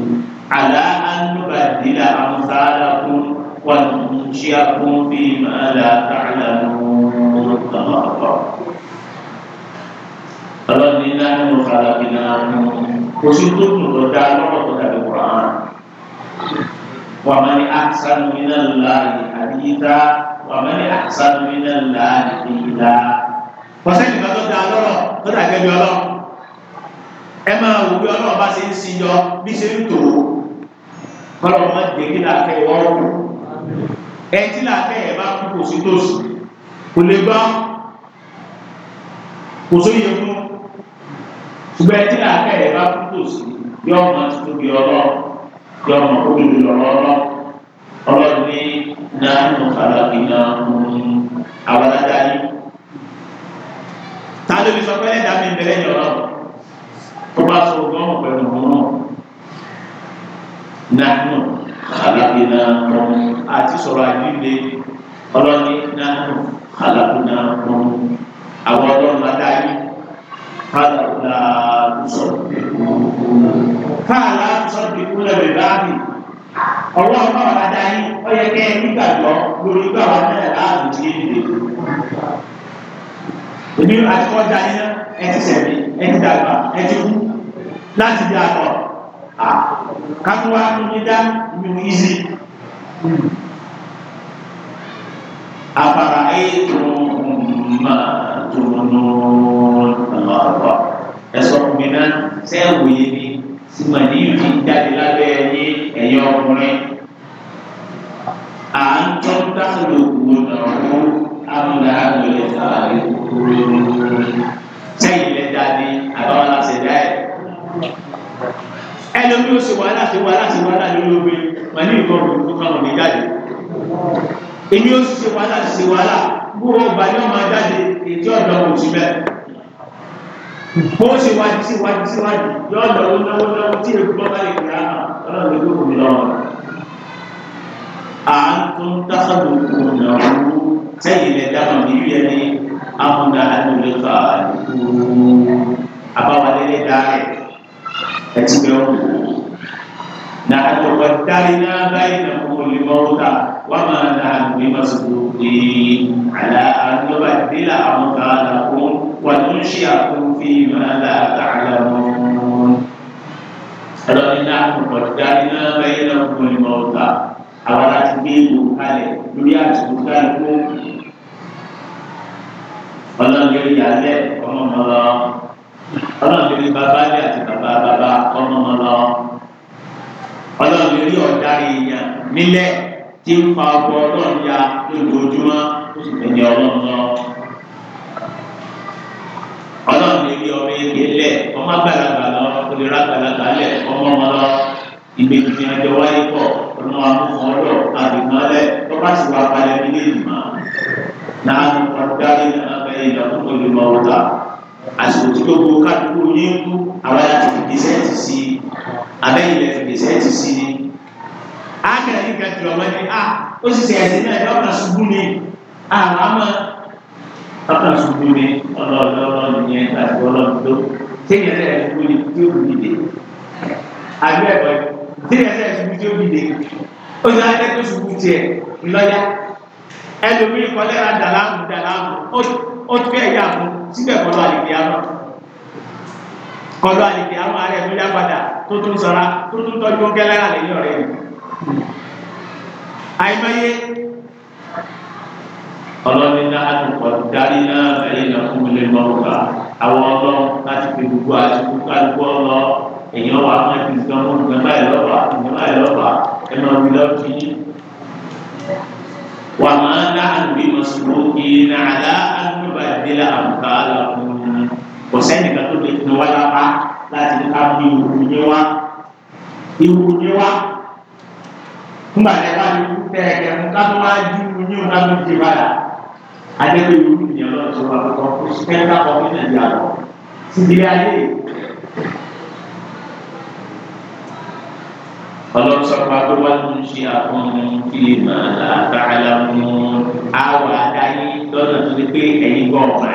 على أن نبدل أمثالكم وننشئكم فيما لا تعلمون الله أكبر Allah ni nahnu khalaqnakum Kusutun berda Quran Wa man ahsanu minallahi haditha Wa minallahi Allah, ẹ máa wò bí ọlọ́run bá ṣe ń sin yọ bí ṣe ń tò ọlọ́run má jẹ́ kí làákẹ́ ìwọ́ kù ẹ tí làákẹ́ ẹ̀ bá kú kò sí tòsí kò lè gbọ́ kò sóye fún ṣùgbọ́n ẹ tí làákẹ́ ẹ̀ bá kú tòsí yọ ọmọ tuntun bí ọlọ́run yọ ọmọ tó lè lọ́rọ́ ọlọ́run ní náà nù kàlàkì náà àwọn adáyé ta ló fi sọ pé ẹ̀dá mi bẹ̀rẹ̀ yọ̀ náà tó bá sọ ọgbọ́n pẹ̀lú òun náà nàánú kàlábì náà mọ́ àti sọ̀rọ̀ àdílé ọlọ́ni nàánú kàlábì náà mọ́ àwọn ọlọ́run adáyé kàlábì sọ̀dẹ̀kú lẹ́bẹ̀ báàbì ọlọ́run náà adáyé ọyẹ kẹ́ nígbàgbọ́ lórí gbàgbọ́ náà láàbù tí èdè èmi àti ọjà yẹn ẹ ti sẹ̀mí ẹ ti dàgbà ẹ ti kú láti bí àtọ̀ kákúwá tó ní dá mi ò ìzì àbàrà ayé tó mà tó nù ọ̀pọ̀ ẹ sọ fún mi náà sẹ́wọ̀n yìí ni sìmọ̀ ní ìlú jáde lábẹ́ ẹ̀yìn ẹ̀yìn ọkùnrin à ń tọ́ dáhùn lòkùn ọ̀dọ̀ ọ̀hún àmúlẹ̀ àgbẹ̀lẹ̀ sàárẹ̀ kúrò sẹ́yìn lẹ dáadé àbáwọn aláṣẹ dá ẹ̀. ẹni omi ó ṣe wàhálà ṣe wàhálà ṣe wàhálà lórí ogbe wọn ní nǹkan ọ̀rọ̀ tó kàn mí jáde. èmi ó ṣe wàhálà ṣe wàhálà gbogbo ọgbà ni wọn máa jáde ètò ọ̀dọ́ kò sí bẹ́ẹ̀. bó ṣe wájú sí wájú sí wájú yọ ọ̀dọ́ ló náwó náwó tí èkó bá lè kí á ọlọ́run ló kò mí lọ́wọ́. à ń tún dáhùn òkú ọ̀nà òwú sẹ́yìn lẹ dáhùn ní amúdà àdúgbò abáwálé lè dá rẹ ẹtí bẹ wọn. نحن قدرنا بينهم الموت وما نحن بمسبوقين على أن نبدل أمثالكم وننشئكم فيما لا تعلمون ẹlọ́ni náà kò dárí náà bẹ́ẹ̀ náà kò lè mọ̀ ọ́ta àwọn aláṣẹ gbé ìlú kalẹ̀ lórí àtìkú kálukú ọlọ́run yóò yà lẹ̀ ọmọ mọ lọ ọlọ́run yóò ní bàbá lẹ̀ àti bàbá bàbá ọmọ mọ lọ ọlọ́run yóò rí ọ̀dà èèyàn nílẹ̀ tí ń pa ọgbọ ọlọ́run ya lójoojúmọ́ ó sì tẹ̀lé ọlọ́run lọ ọlọ́run lè rí ọmọ eke lẹ̀ ọmọ àgbàlagbà lọ olèrà àgbàlagbà lẹ̀ ọmọ ọmọ lọ ìgbèjì tí a jọ wáyé pọ̀ ọmọ amúkan ọlọ́ àdìmọ́lẹ̀ tó bá sì wà balẹ̀ nílé ìgbìmọ̀ náà ní ọ̀dárí náà ẹ̀yìn ìdàkókò ìlú ọ̀tà àsìkò tí gbogbo kádùkú yín kú àwọn ẹ̀yà ti fi pèsèǹtì sí i abẹ́yìn lẹ̀ fi pèsèǹtì sí i. ákẹ́rẹ́ yìí ga jùlọ mọ́ ni a ó sì ṣe ẹ̀sìn náà lọ́kàn ṣubú ni àwọn àmọ́ lọ́kàn ṣubú ni ọlọ́ọ̀lọ́ọ̀lọ́ nìyẹn láti ọlọ́ọ̀dọ́ téèyàn lẹ́yìn ṣubú ni tí ó bìí dé àgbẹ̀ ẹ̀kọ́ téèyàn lẹ́yìn ṣubú tí ó bìí ẹlòmí ìkọlẹ́ra dàlámù dàlámù ó tún ẹ̀yà fún síbẹ̀ kọlu àlèkè àmọ́ kọlu àlèkè àmọ́ ààrẹ tó yá padà tó tún sọ̀ra tó tún tọ́jú ó kẹ́lẹ́ra lẹ́yìn ọ̀rẹ́ yìí. àìmọye ọlọ́nìlá àtúnkọ̀ darí náà bẹ̀rẹ̀ náà fún mi lè mọ̀ọ́kà àwọn ọlọ́run láti fi gbogbo àti kálukú ọlọ́ èèyàn wà á máa fi gbọ́n mọ́ wà máa ń dáhùn bí mọ̀sùlùmọ́ kìí ní àlá àdúgbò ìdílé àbúkà lọ́kùn kò sẹ́ni kan tó lè tún wá lápá láti ká bí ìwù ní wá ìwù ní wá nígbà tí a bá lè kú tẹ ẹ̀kẹ́ mú ká tó wá ju ní òun ká tó ti padà adébẹ̀ ìwù ní ọlọ́run tó wà lọ́kọ́ kó sẹ́ni ká kọ́ fún ìdílé àlọ́ ọlọ́run sọ pé àtọ́wá ló ń ṣe àfọ̀nù kí mà á bá a la mú àwọn adáyé lọ́nà tó ní pé ẹ̀yin gbọ́ ọ̀ma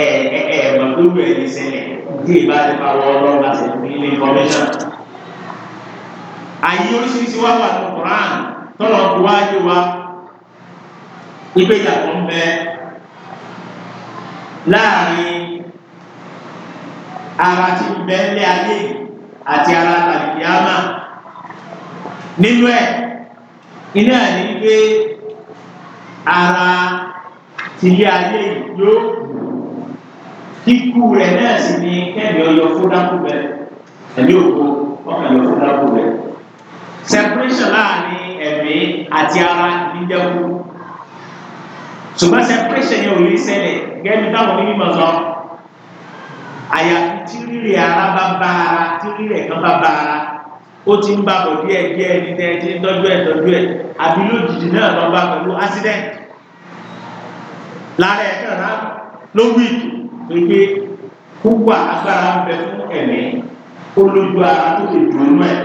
ẹ̀ ẹ̀ ẹ̀ mọ̀ tó lù ẹ̀yin sẹ́lẹ̀ kí ìbá ti pa wọ ọlọ́run láti fún ilé kọ́mẹ́ṣà. àyè oríṣiríṣi wá wà ní Quran tọ́lọ̀ tó wá yé wa ìgbéyàwó ń bẹ láàrin ara tí ń bẹ lé ayé àti ara tàbí yàrá nínú ẹ̀ iná ní pé ara tìlé ayé yóò kíkú rẹ̀ náà sì ni kẹ́mi ọyọ fúdákù rẹ̀ ẹ̀mí òkú ọkàn yọ fúdákù rẹ̀ separation láàrin ẹ̀mí àti ara níjẹ́kú ṣùgbọ́n separation yẹn ò lè ṣẹlẹ̀ gẹ́gẹ́ táwọn onímọ̀ sọ àyàfi tí rírì ara bá bá ara tí rírì ẹ̀kan bá bá ara ó ti ń bàbọ̀ díẹ̀ díẹ̀ ní tẹ́ ti ń tọ́jú ẹ̀ tọ́jú ẹ̀ àbí lójijì náà lọ bá pẹ̀lú accident lára ẹ̀ kàn rán ló wí pé púpọ̀ agbára ń bẹ fún ẹ̀mí ó lójú ara tó lè dùn ún ẹ̀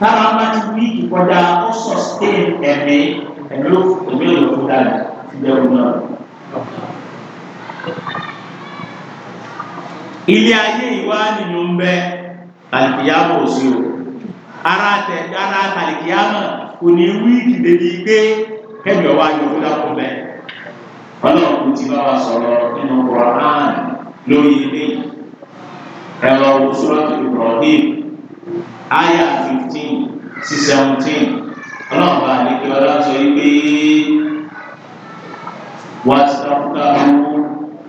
tára bá ti wí ìkọjá ó sustain ẹ̀mí ẹ̀mí ló ẹ̀mí ló fún dáadáa ti bẹ̀rù náà. ilé ayé ìwà nìyó ń bẹ àlùkìyàwó sí o ara tẹ ara tàlìkìyàmọ̀ kò ní wíìkì débi pé kẹ́mi ọwọ́ ayọ̀wò dàpọ̀ bẹ́ẹ̀ ọlọ́run kò ti bá wa sọ̀rọ̀ nínú Qur'an lórí ilé ẹ̀rọ Suratu Ibrahim aya fifteen sí seventeen ọlọ́run bá àdékè ọlá sọ yí pé wàtàkùn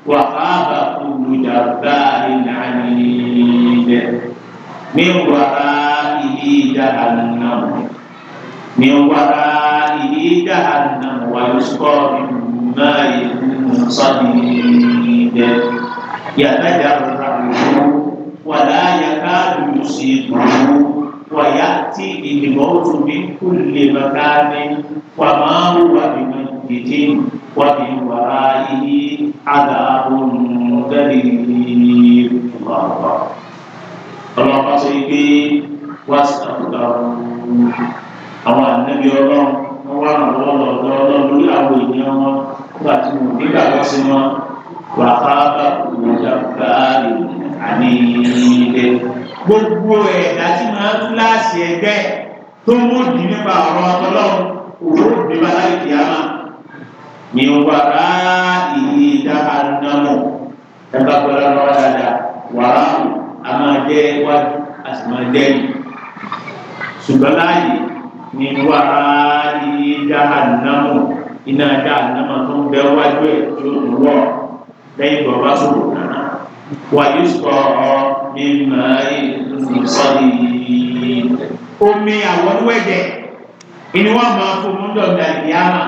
wàhálà kùlù dàbà ìlànà ìdẹ ní wàhálà. جهنم من ورائه جهنم ويسقى من ماء صديد يتجرعه ولا يكاد يصيبه ويأتي به الموت من كل مكان وما هو بميت ومن ورائه عذاب قريب الله أكبر الله أكبر wá àwọn ànábi ọlọ́run wọ́n wá ràn lọ́wọ́ lọ́dọ̀ ọlọ́run lórí àwọn ènìyàn wọn nígbà tí mo nígbà wọ́n sí wọn wà á bá òwòjà bá lè àní ilé. gbogbo ẹ̀dá tí màá kíláàsì ẹgbẹ́ tó ń wòdì nípa ọ̀rọ̀ ọlọ́run òwò òdì bá láì kí á mà. mi ò wà á ìyí àdánù ẹ bá gbọ́dọ̀ lọ́wọ́ dáadáa wàá a máa jẹ́ wájú a máa jẹ́ yìí ṣùgbọ́n láàyè ní wàrà iye jahannamu iná jahannamu tó ń bẹ wájú ẹ̀ tó ń wọ̀ lẹ́yìn bàbá sọ̀rọ̀ nana wà yóò sọ ọ ní màáyì ní sọ́ọ̀lì omi àwọn wẹ̀jẹ̀ inú wa máa fún un dọ̀gbà ìyáma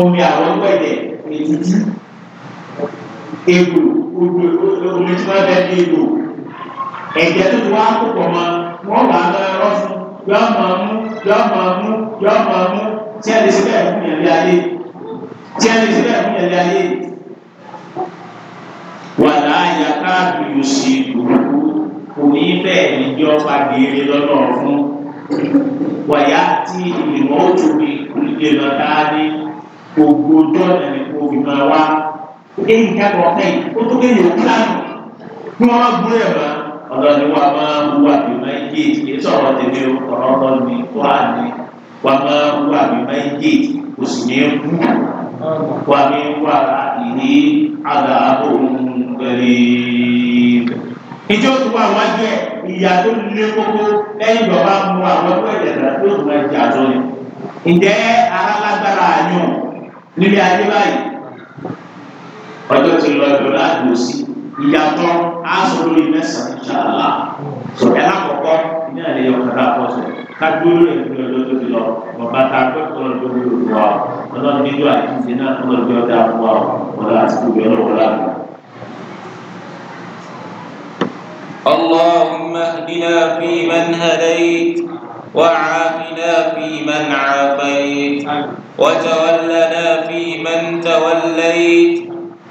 omi àwọn wẹ̀jẹ̀ ètùtù egbò ojú omi tí wọ́n bẹ ní egbò ẹ̀jẹ̀ tó ti wá kó pọ̀ mọ́ wọ́n wà á máa rọ́ fún yọ́ máa mú yọ́ máa mú yọ́ máa mú tí ẹni síbẹ̀ fún yẹn lé ayé tí ẹni síbẹ̀ fún yẹn lé ayé wà láàyè káàdù yóò ṣe ìdòwú kò ní bẹ́ẹ̀ ní bí ọba gbére lọ́nà ọ̀fun wàyà tí ìgbìmọ̀ ó tóbi lè lọ dáadé gbogbo jọ́nà ní kò fi máa wá èyí ká lọ kẹ́yìn ó tó kéde òkú lánàá kí wọ́n má gbúrẹ̀ máa ọlọ́ni wà máa ń wà bí méjì kì í sọ̀rọ̀ tèmi ọ̀rọ̀ ọlọ́ni wà ní wà máa ń wà bí méjì kò sì ní kú wà mí wà ìní àgàbò pẹ̀lẹ́. ìjọ tó wà wájú ẹ̀ ìyá tó lé kókó lẹ́yìn ìgbà wà mú àwọn ọkọ̀ ìdàgbà tó tún ẹ̀ jà tó ni. ǹjẹ́ ara àyàn nílé ayé báyìí ọjọ́ ti lọ ìdọ̀lá àgbòsí. ìyàtọ̀ aṣọ lórí mẹ́sàn-án ṣáàlá sọ ẹ lákọ̀ọ́kọ́ ní àlẹ́ yọ kàdá àpọ̀ṣọ kágbóró rẹ̀ ní ọjọ́ tó ti lọ bàbá ta akẹ́kọ̀ọ́ lọ́dún tó lò wá ọlọ́run nílò àìsíṣe náà ọlọ́run bí ọjà fún wa ọ̀la àti gbogbo ọlọ́run láàbù. اللهم اهدنا فيمن هديت وعافنا فيمن عافيت وتولنا فيمن توليت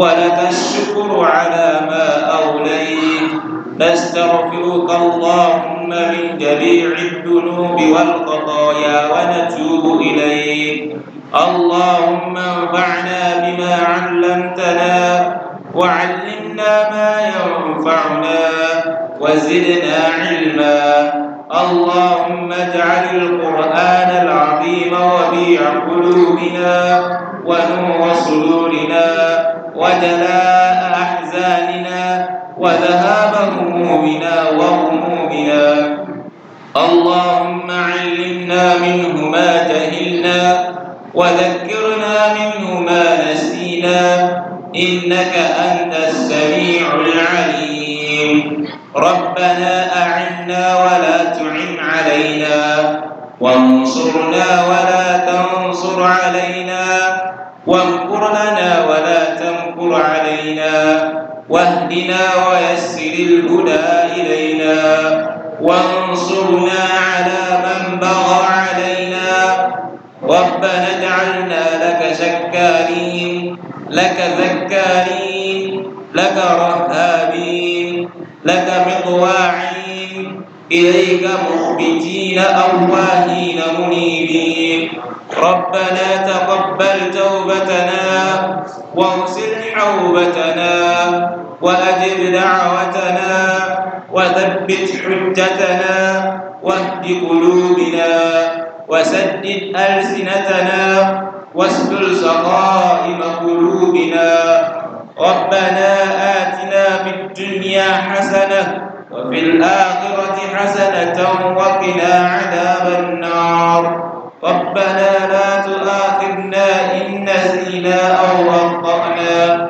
ولك الشكر على ما أوليت نستغفرك اللهم من جميع الذنوب والخطايا ونتوب إليك اللهم انفعنا بما علمتنا وعلمنا ما ينفعنا وزدنا علما اللهم اجعل القرآن العظيم ربيع قلوبنا ونور صدورنا ودلاء أحزاننا وذهاب همومنا وغمومنا اللهم علمنا منه ما جهلنا وذكرنا منه ما نسينا إنك أنت السميع العليم ربنا أعنا ولا تعن علينا وانصرنا ولا تنصر علينا وانكر لنا واهدنا ويسر الهدى إلينا وانصرنا على من بغى علينا ربنا اجعلنا لك شكارين لك ذكارين لك رهابين لك مطواعين إليك مخبتين أواهين منيبين ربنا تقبل توبتنا واغسل حوبتنا وأجب دعوتنا وثبت حجتنا واهد قلوبنا وسدد ألسنتنا واسلل سقائم قلوبنا ربنا آتنا في الدنيا حسنة وفي الآخرة حسنة وقنا عذاب النار ربنا لا تؤاخذنا إن نسينا أو أخطأنا